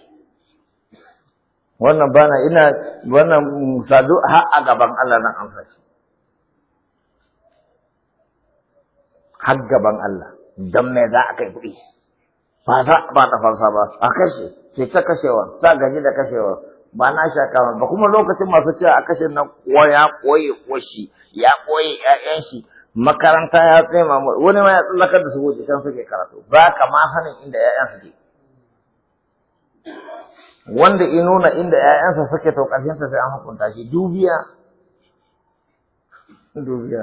wannan ba na ina wannan sadu har a gaban Allah nan an fashi har gaban Allah don me za a kai kuɗi ba za ba ta ba a kashe ke ta kashewa sa gaji da kashewa ba na sha kama ba kuma lokacin masu cewa a kashe nan kuwa ya koye shi? ya koye 'ya'yan shi makaranta ya tsema wani ma ya tsallakar da su waje can suke karatu ba ka ma sanin inda yayan suke wanda ya nuna inda ‘ya'yansa suke to ƙarshensa sai an hukunta shi dubiya dubiya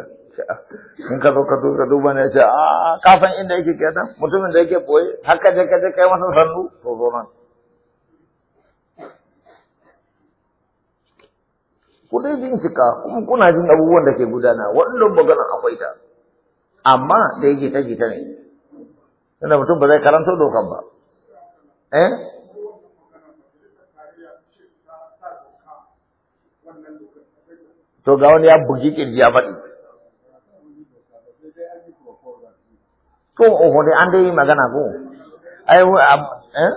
in ka zo ka duba duba ne ce a kafan inda yake kenan mutumin da yake boye har ka je ka je kai masa sannu to zo nan ku dai bincika kuma kuna jin abubuwan da ke gudana wannan maganar akwai ta amma da yake ta ne tunda mutum ba zai karanta dokan ba eh to ga wani ya bugi kirji ya faɗi to oho ne an dai yi magana ko ai eh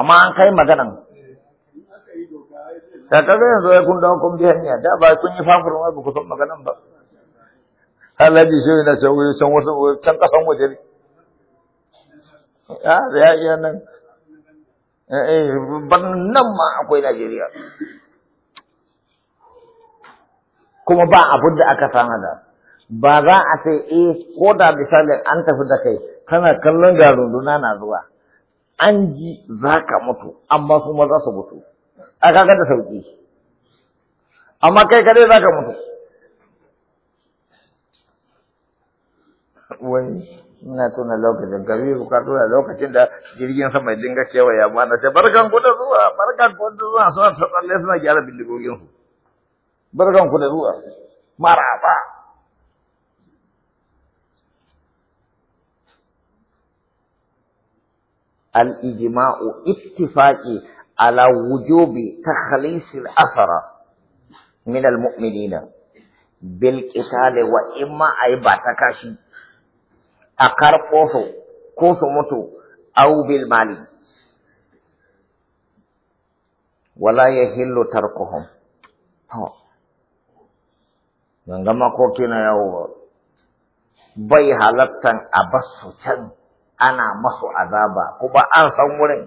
amma an kai maganan da kaga yanzu ya kun dawo kun bi hanya da ba kun yi fafurin ma ba ku san maganan ba Alhaji shi na can waje can wasu can kasan waje ne ah, ya ya nan eh, eh ban nan ma akwai Najeriya kuma ba abin da aka tanada ba za a ce eh ko da misali an tafi da kai kana kallon ga runduna na zuwa an ji za ka mutu amma kuma za su mutu a kaga da sauki amma kai kadai za ka mutu wani ina tuna lokacin kabiru ka tuna lokacin da jirgin sama ya dinga kewaya ba na ce barkan ku da zuwa barkan ku da zuwa suna tsalle suna gyara bindigogin su برغم كل هو ما رافع الإجماع اتفاقي على وجوب تخليص الأسرة من المؤمنين بالقتال وإما أي باتكاشي أقر قوسو قوسو متو أو بالمال ولا يهل تركهم ban ga makoki na yawo ba bai halattan a basu can ana masu azaba kuma an san wurin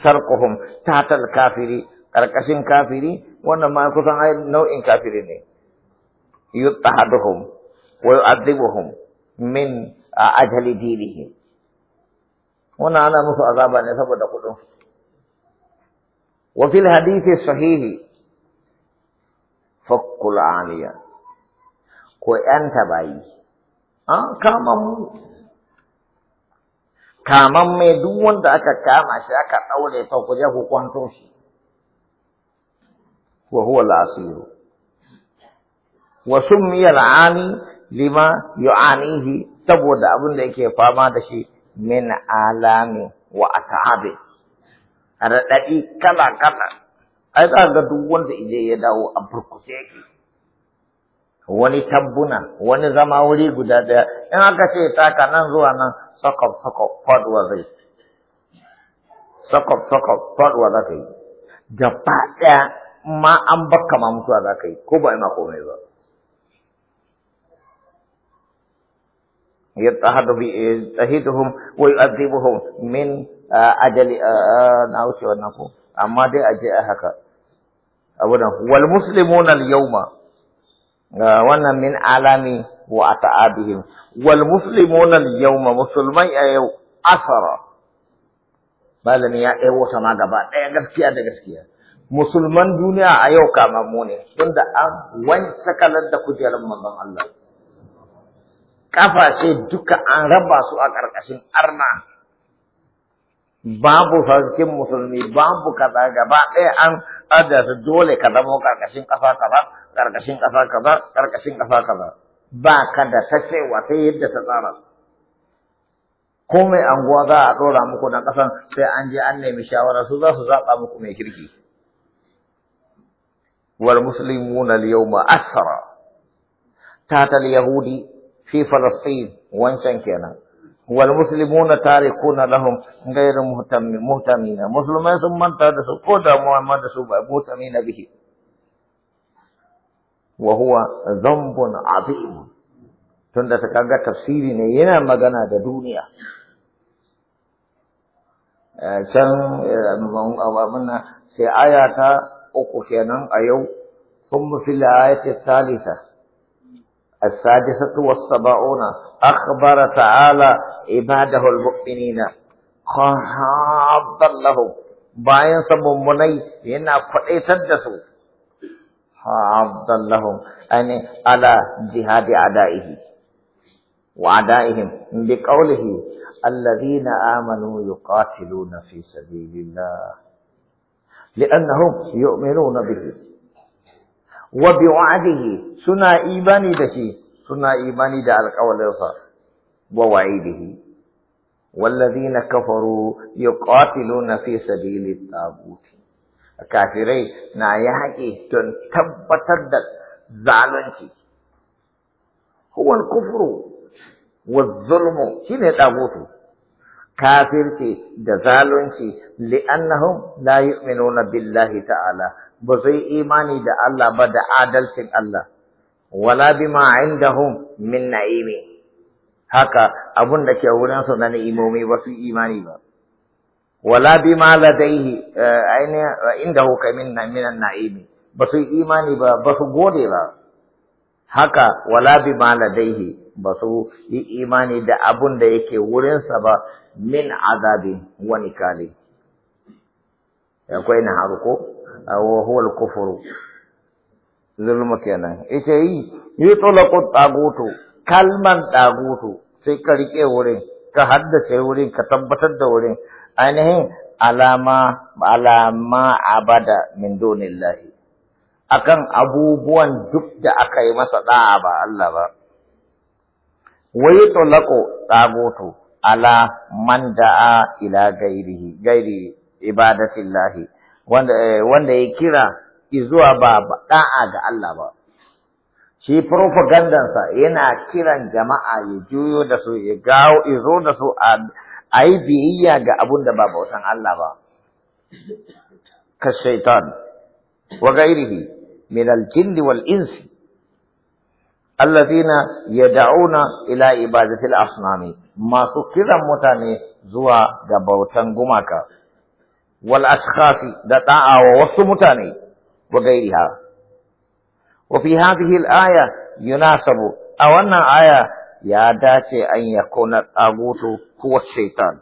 sarkuhum tatal kafiri karkashin kafiri wannan ma kusan ai nau'in kafiri ne yutahaduhum wa yu'adhibuhum min ajali dinihim wannan ana musu azaba ne saboda kudin wa fil hadithi sahihi fakkul aliyah ko ‘yanta bayi, an kama mu, kaman mai duk wanda aka kama shi aka ɗaure ta ku je ku kwanto shi, wa huwa al'asiru. Wa summiya lima yu'anihi saboda abin da yake fama da shi min alami wa ata'abi. Raɗaɗi kala-kala, ai za ga duk wanda ije ya dawo a burkuce yake. wani tabbuna wani zama wuri guda daya in aka ce taka nan zuwa nan sakof sakof faduwa zai sakof sakof faduwa za ka yi gaba daya ma an baka ma mutuwa za ka yi ko ba ina komai ba bi tahiduhum wa yu'adhibuhum min ajali يضطهدهم ويؤذبهم من أجل نعوش ونقوم أما haka abudan wal muslimuna al-yawma wannan min alami wa ata'abihim wal muslimuna al-yawma musulmai a yau asara malami ya ɗaya wata ma gaba ɗaya gaskiya da gaskiya musulman duniya a yau mu ne tunda an wance kalar da kujerar manzon Allah kafashe duka an raba su a ƙarƙashin arna babu sarkin musulmi babu kaza gaba ɗaya an agaza dole ka zamo karkashin ƙasa kaza karkashin ƙasa kaza karkashin ƙasa kaza ba ka da ta cewa sai yadda ta tsara ko mai anguwa za a ɗora muku na ƙasan sai an je an nemi shawara su za su zaɓa muku mai kirki wal muslimuna al yawma asra tatal yahudi fi falastin wancan kenan والمسلمون تاركون لهم غير مهتمين مسلمين ثم انتهدسوا قودا محمد مهتمين به وهو ذنب عظيم tunda ta kaga tafsiri ne yana magana da duniya eh, can eh, abin sai aya ta uku kenan a yau kuma fil ayati salisa. السادسة والسبعون أخبر تعالى عباده المؤمنين خاض لهم باين مني هنا فأيتد جسو خاض لهم يعني على جهاد أعدائه وأعدائهم بقوله الذين آمنوا يقاتلون في سبيل الله لأنهم يؤمنون به wa biwa'dihi suna imani da shi suna imani da alƙawarinsa wa wa'idihi والذين كفروا يقاتلون في سبيل الطاغوت kafirai na yaƙi don tabbatar da zalunci huwal kufru wa zulmu shine tagutu kafirci da zalunci li'annahum la yu'minuna billahi ta'ala ba su yi imani da Allah ba da adalcin Allah wala bima indahum min na'imi haka abun da ke wurin su na ni'imomi ba su imani ba wala bima ladaihi eh, indahu ka min minan na'imi ba su imani ba ba su gode ba haka wala bima ladaihi ba su yi imani da abun da yake wurinsa ba min azabin wani kali akwai na haruko awo huwal kufuru zulma kenan ita yi yutlaqu tagutu kalman tagutu sai ka rike wurin ka haddace wurin ka tabbatar da wurin ainihin alama alama abada min dunillahi akan abubuwan duk da aka yi masa da'a ba Allah ba wa yutlaqu tagutu ala man da'a ila gairihi gairi ibadatillahi wanda eh, wanda ya kira izuwa ba da'a ga Allah ba shi propagandansa yana kiran jama'a ya juyo da su ya gawo izo da su a yi biyayya ga abun da ba bautan Allah ba ka shaitan wa gairihi min aljinni wal insi allazina dauna ila ibadatil al masu kiran mutane zuwa ga bautan gumaka والأشخاص دتاء والسمتاني وغيرها وفي هذه الآية يناسب أو أن آية يادات أن يكون الطاغوت هو الشيطان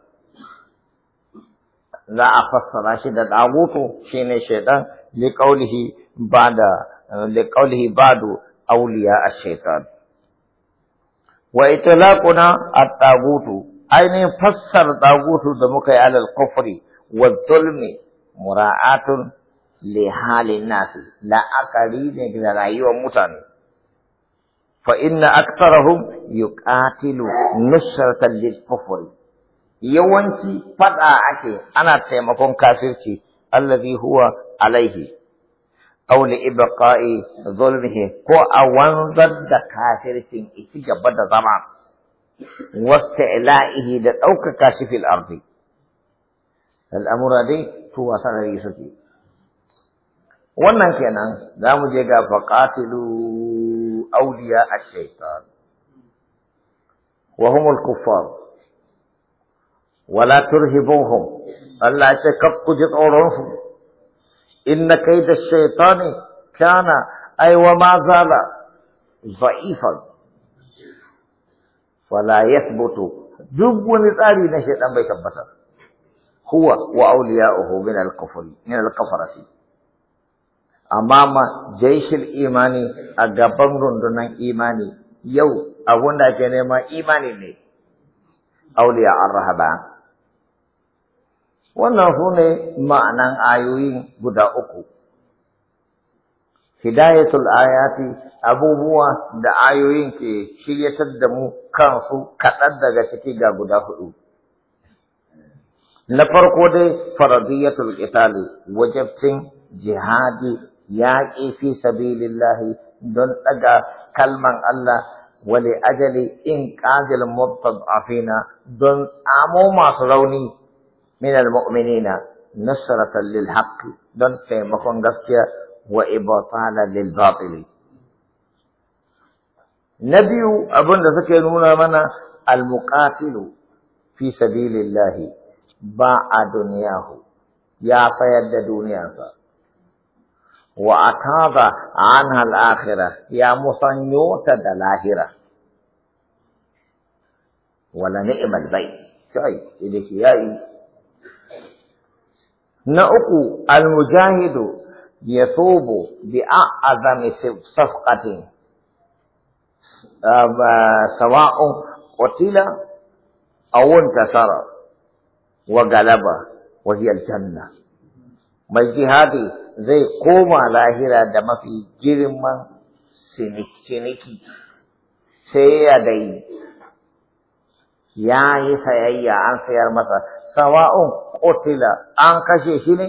لا أفصل شدة الطاغوت شين الشيطان لقوله بعد لقوله بعد أولياء الشيطان وإطلاقنا الطاغوت أين فسر الطاغوت دمك على الكفر والظلم مراعاة لحال الناس لا أقرين لا رأيوا متن فإن أكثرهم يقاتل نصرة للكفر يوانتي فدعا أكي أنا تيمكم كافرتي الذي هو عليه أو لإبقاء ظلمه كو أوانظر كافرتي إتجاب زمان واستعلائه لأوك كاشف الأرض al'amura dai to da yi suke wannan kenan za mu je ga faqatilu awliya ash-shaytan wa humul kuffar wala turhibuhum Allah ce kaf ji tsoron su inna kayda ash-shaytani kana ay wa ma zala dha'ifan wala yathbutu duk wani tsari na shaytan bai tabbatar. huwa wa awliya'uhu min al-kufri min al-kafarati amama jaishil imani a gaban rundunar imani yau abun da ake nema imani ne awliya ar-rahaba wannan sune ma'anan ayoyin guda uku hidayatul ayati abubuwa da ayoyin ke shiryatar da mu kansu kaɗan daga ciki ga guda hudu na farko dai faradiyatul qitali wajibcin jihadi yaƙi fi sabilillahi don ɗaga kalman Allah wali ajali in qazil mustad'afina don tsamo masu rauni min almu'minina nasratan lil haqqi don taimakon gaskiya wa ibatala lil batili na biyu abin da suke nuna mana al-muqatilu fi sabilillahi ba a duniyahu ya sayar da duniyarsa wa ataza anha al-akhirah ya musanyo ta da lahira wala ni'mal bayt sai idan ki yayi na uku al-mujahidu yasubu bi a'zami safqati sawa'un qatila aw intasara wa galaba wa hiya aljanna mai jihadi zai koma lahira da mafi girman ciniki sai ya dai ya yi sayayya an sayar masa sawa'un qutila an kashe shi ne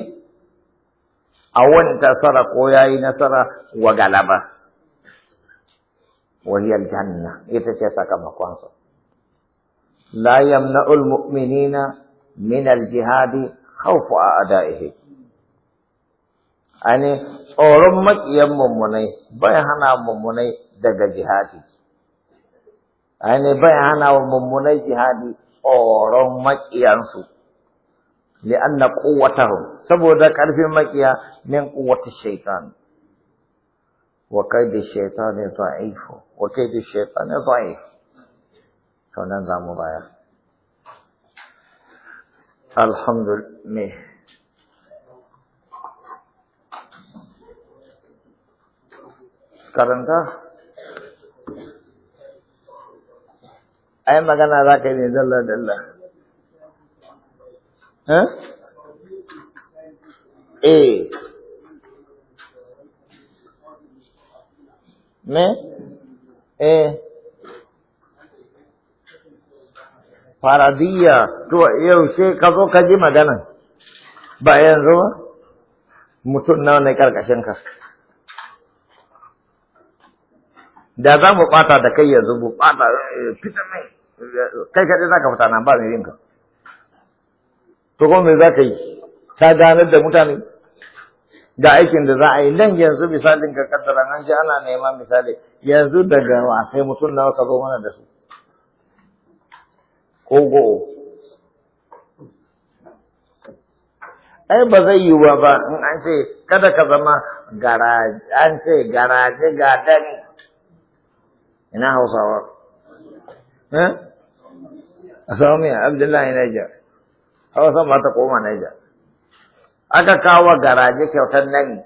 a wani tasara ko ya yi nasara wa galaba وهي الجنة يتشي سكمكوانسا لا يمنع المؤمنين min al-jihadi khawfu a'da'ihi ani tsoron makiyan mummunai bai hana mummunai daga jihadi ani bai hana wa mummunai jihadi tsoron makiyansu li'anna quwwatahu saboda karfin makiya min quwwatish shaitan wa kaidu shaitani dha'ifu wa kaidu shaitani dha'if to nan zamu baya Alhamdulillah. Sekarang ka? Ai makan za ka yi ne zalla dalla. Eh? Eh. Me? Eh. faradiyya to yaushe ka zo ka ji magana ba yanzu ba mutum nawa ne karkashin ka da za mu bata da kai yanzu mu bata eh, fita mai kai kaɗai za ka fita na ba mai ka to kuma me za ka yi ta ganar da mutane ga aikin da za a yi nan yanzu misalin ka kaddara an ji ana neman misali yanzu daga wasai mutum nawa ka zo mana da su ko go'o ai ba zai yi ba ba in an ce kada ka zama garaje an ce garaje ga dani ina hausawa eh asawami abdullahi naija hausa ba ta koma naija aka kawo garaje kyautar nani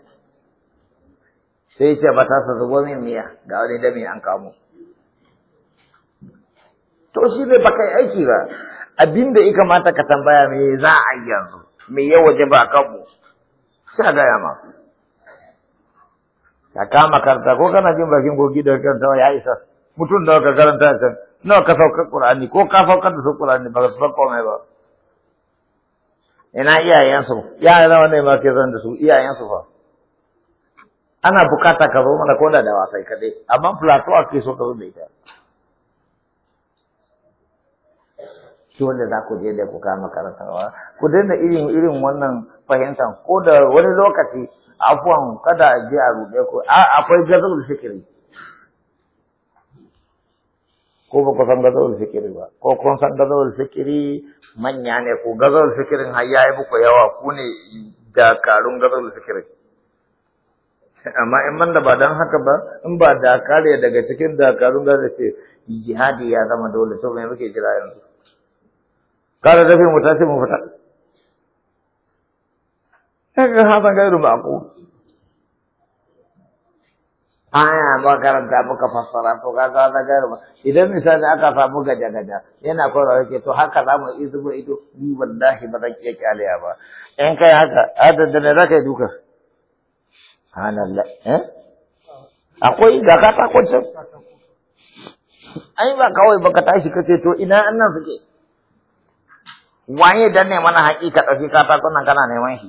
sai ce ba ta sa zubo min miya ga wani dami an kamo to shi ne baka yi aiki ba abin da ya kamata ka tambaya me za a yi yanzu me ya waje ba mu sha gaya ma ka kama karanta ko kana jin bakin kogi da karanta ya isa mutum da ka karanta ka na ka sauka qur'ani ko ka sauka da su qur'ani ba ka san komai ba ina iyayensu ya nawa ne ma ke zan da su iyayensu fa ana bukata ka zo mana ko da da wasai kadai amma plateau ake so ka zo da ita shi wanda za ku je da ku kama karantarwa ku daina irin irin wannan fahimtar ko da wani lokaci afuwan kada a je a ruɗe ku akwai gazul fikiri ko ba ku san gazul fikiri ba ko kun san gazul fikiri manya ne ku gazul fikirin har yayi muku yawa ku ne dakarun gazul fikiri amma in man da ba dan haka ba in ba dakare daga cikin dakarun gazul ce jihadi ya zama dole to me muke jira yanzu kada dafi mu tashi mu fita kaga hadan gairu ba ku aya ba karanta muka fassara to kaga da gairu ba idan misali aka samu gaja gaja yana koyarwa yake to haka za mu yi mu ido ni wallahi ba zan kike kyaleya ba in kai haka adadda ne za ka duka subhanallah eh akwai ga ka ta kwance ai ba kawai baka tashi kace to ina annan suke waye ne mana haƙi ka ɗauki katakon nan kana neman shi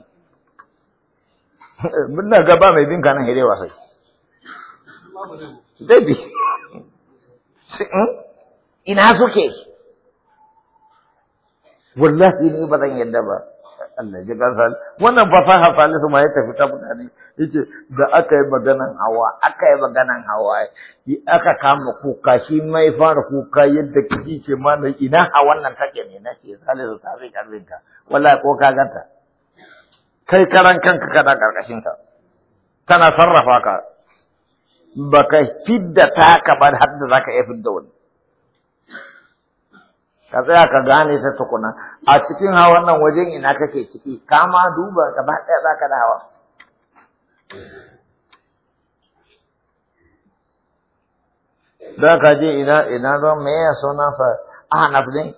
mun [laughs] ga gaba mai binka nan hirewa sai zai bi hmm? ina suke wallahi ni ba zan yadda ba Allah ji wannan fasaha salisu ma ya tafi ta mutane yace da aka yi maganan hawa aka yi maganan hawa aka kama kuka shi mai fara kuka yadda kiji ce mana ina a wannan take ne ce salisu ta fi karfin ka wallahi ko ka ganta kai karan kanka kana karkashin ka tana sarrafa ka baka fidda ta kamar har da zaka iya fidda wani ka tsaya ka gane ta tukuna a cikin hawan nan wajen ina kake ciki Kama, duba gaba ɗaya za ka da hawa za ka je ina ina ba me ya suna sa ahnaf ne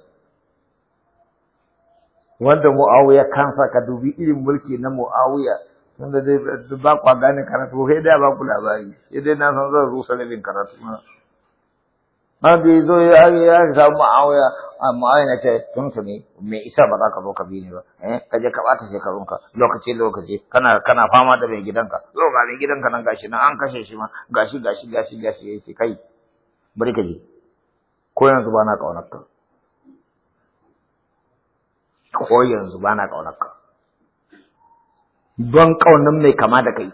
wanda mu'awiya kansa ka dubi irin mulki na mu'awiya tunda dai ba kwa gane karatu sai dai ba ku labari sai dai na san zan rusa rabin karatu har bi zo ya ya samu ma'awiya a na ce tun tuni mai isa ba za ka zo ka bi ni ba eh ka je ka bata shekarunka lokaci lokaci kana kana fama da mai gidanka zo ga mai gidanka nan gashi nan an kashe shi ma gashi gashi gashi gashi ce kai bari ka je ko yanzu ba na kaunar ka ko yanzu ba na kaunar ka don kaunar mai kama da kai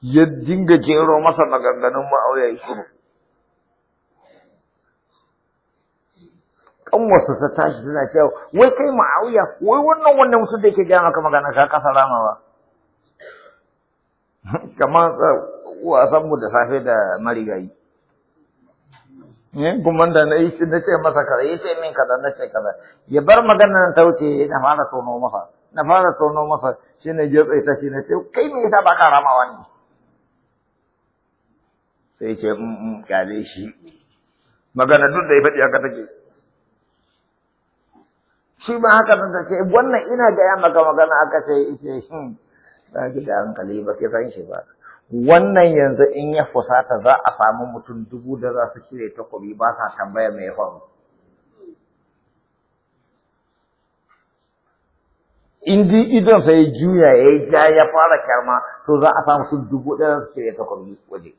ya dinga jero masa maganganun ma'awiya ya shiru wasu ta tashi suna cewa wai kai ma'auya wai wannan wannan musu da yake gaya maka magana ka kasa ramawa [laughs] kamar uh, wasan mu da safe da marigayi ne eh, kuma da na yi na ce masa kaza ya ce min kaza na ce kaza ya bar magana ta wuce na fara tono masa na fara tono masa shi ne ya tsaita shi na ce kai me yasa ba ka ramawa ne sai ce mm, mm, kyale shi magana duk da ya faɗi haka take shi ma haka nan ta ce wannan ina gaya maka magana aka ce ita shi hmm, ba ki da hankali ba ki san shi ba wannan yanzu in ya fusata za a samu mutum dubu da za su cire takobi ba sa tambaya mai faru in dai idon sai juya ya ja ya fara karma to za a samu su dubu da za su cire takobi waje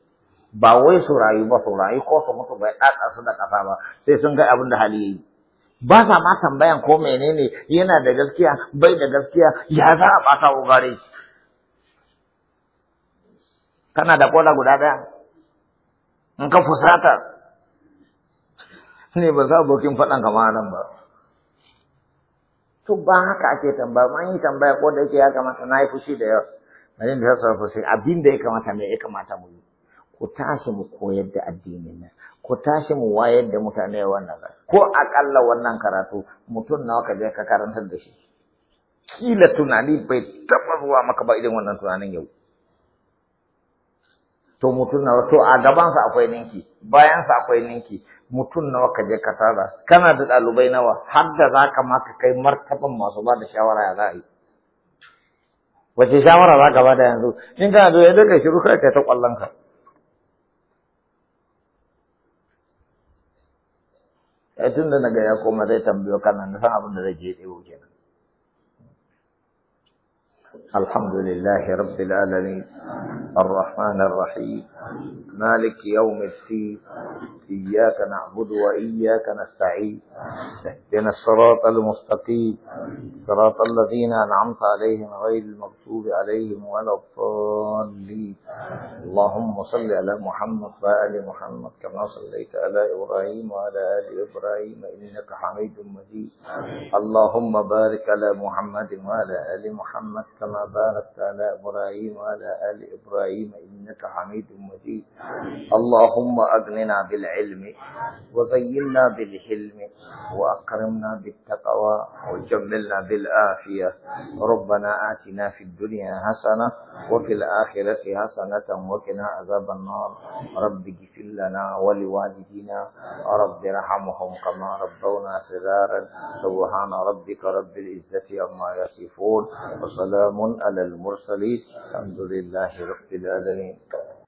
ba wai su rayu ba su rayu ko su mutu bai ɗaɗa su da ƙasa ba sai sun ga abin da hali ya yi ba sa ma tambayan ko menene yana da gaskiya bai da gaskiya ya za a bata kokari kana da kola guda daya in ka fusata ne ba za abokin faɗan kamar nan ba to ba haka ake tambaya ma yi tambaya ko da yake ya kamata na yi fushi da yawa na jin da fushi abin da ya kamata me ya kamata mu yi ku tashi mu koyar da addinin nan ku tashi mu wayar da mutane wannan ko akalla wannan karatu mutum nawa ka je ka karantar da shi kila tunani bai taɓa zuwa maka ba idan wannan tunanin yau to mutum nawa to a gabansa akwai ninki bayansa akwai ninki mutum nawa ka je ka tara kana da ɗalibai nawa har da za ka ma ka kai martaban masu ba da shawara ya za a yi wace shawara za ka ba da yanzu in kana zo ya daga shiru kai ta kwallon ka ai tun da na ya koma zai tambayo kana na san abin da zai je ɗebo kenan الحمد لله رب العالمين الرحمن الرحيم مالك يوم الدين إياك نعبد وإياك نستعين اهدنا الصراط المستقيم صراط الذين أنعمت عليهم غير المغضوب عليهم ولا الضالين اللهم صل على محمد وآل محمد كما صليت على إبراهيم وعلى آل إبراهيم إنك حميد مجيد اللهم بارك على محمد وعلى آل محمد كما باركت على إبراهيم وعلى آل إبراهيم إنك حميد مجيد اللهم أغننا بالعلم وزينا بالحلم وأكرمنا بالتقوى وجملنا بالعافيه ربنا آتنا في الدنيا حسنة وفي الآخرة حسنة وقنا عذاب النار رب اغفر لنا ولوالدينا رب ارحمهم كما ربونا صغارا سبحان ربك رب العزة عما يصفون وسلام سلام على المرسلين الحمد لله رب العالمين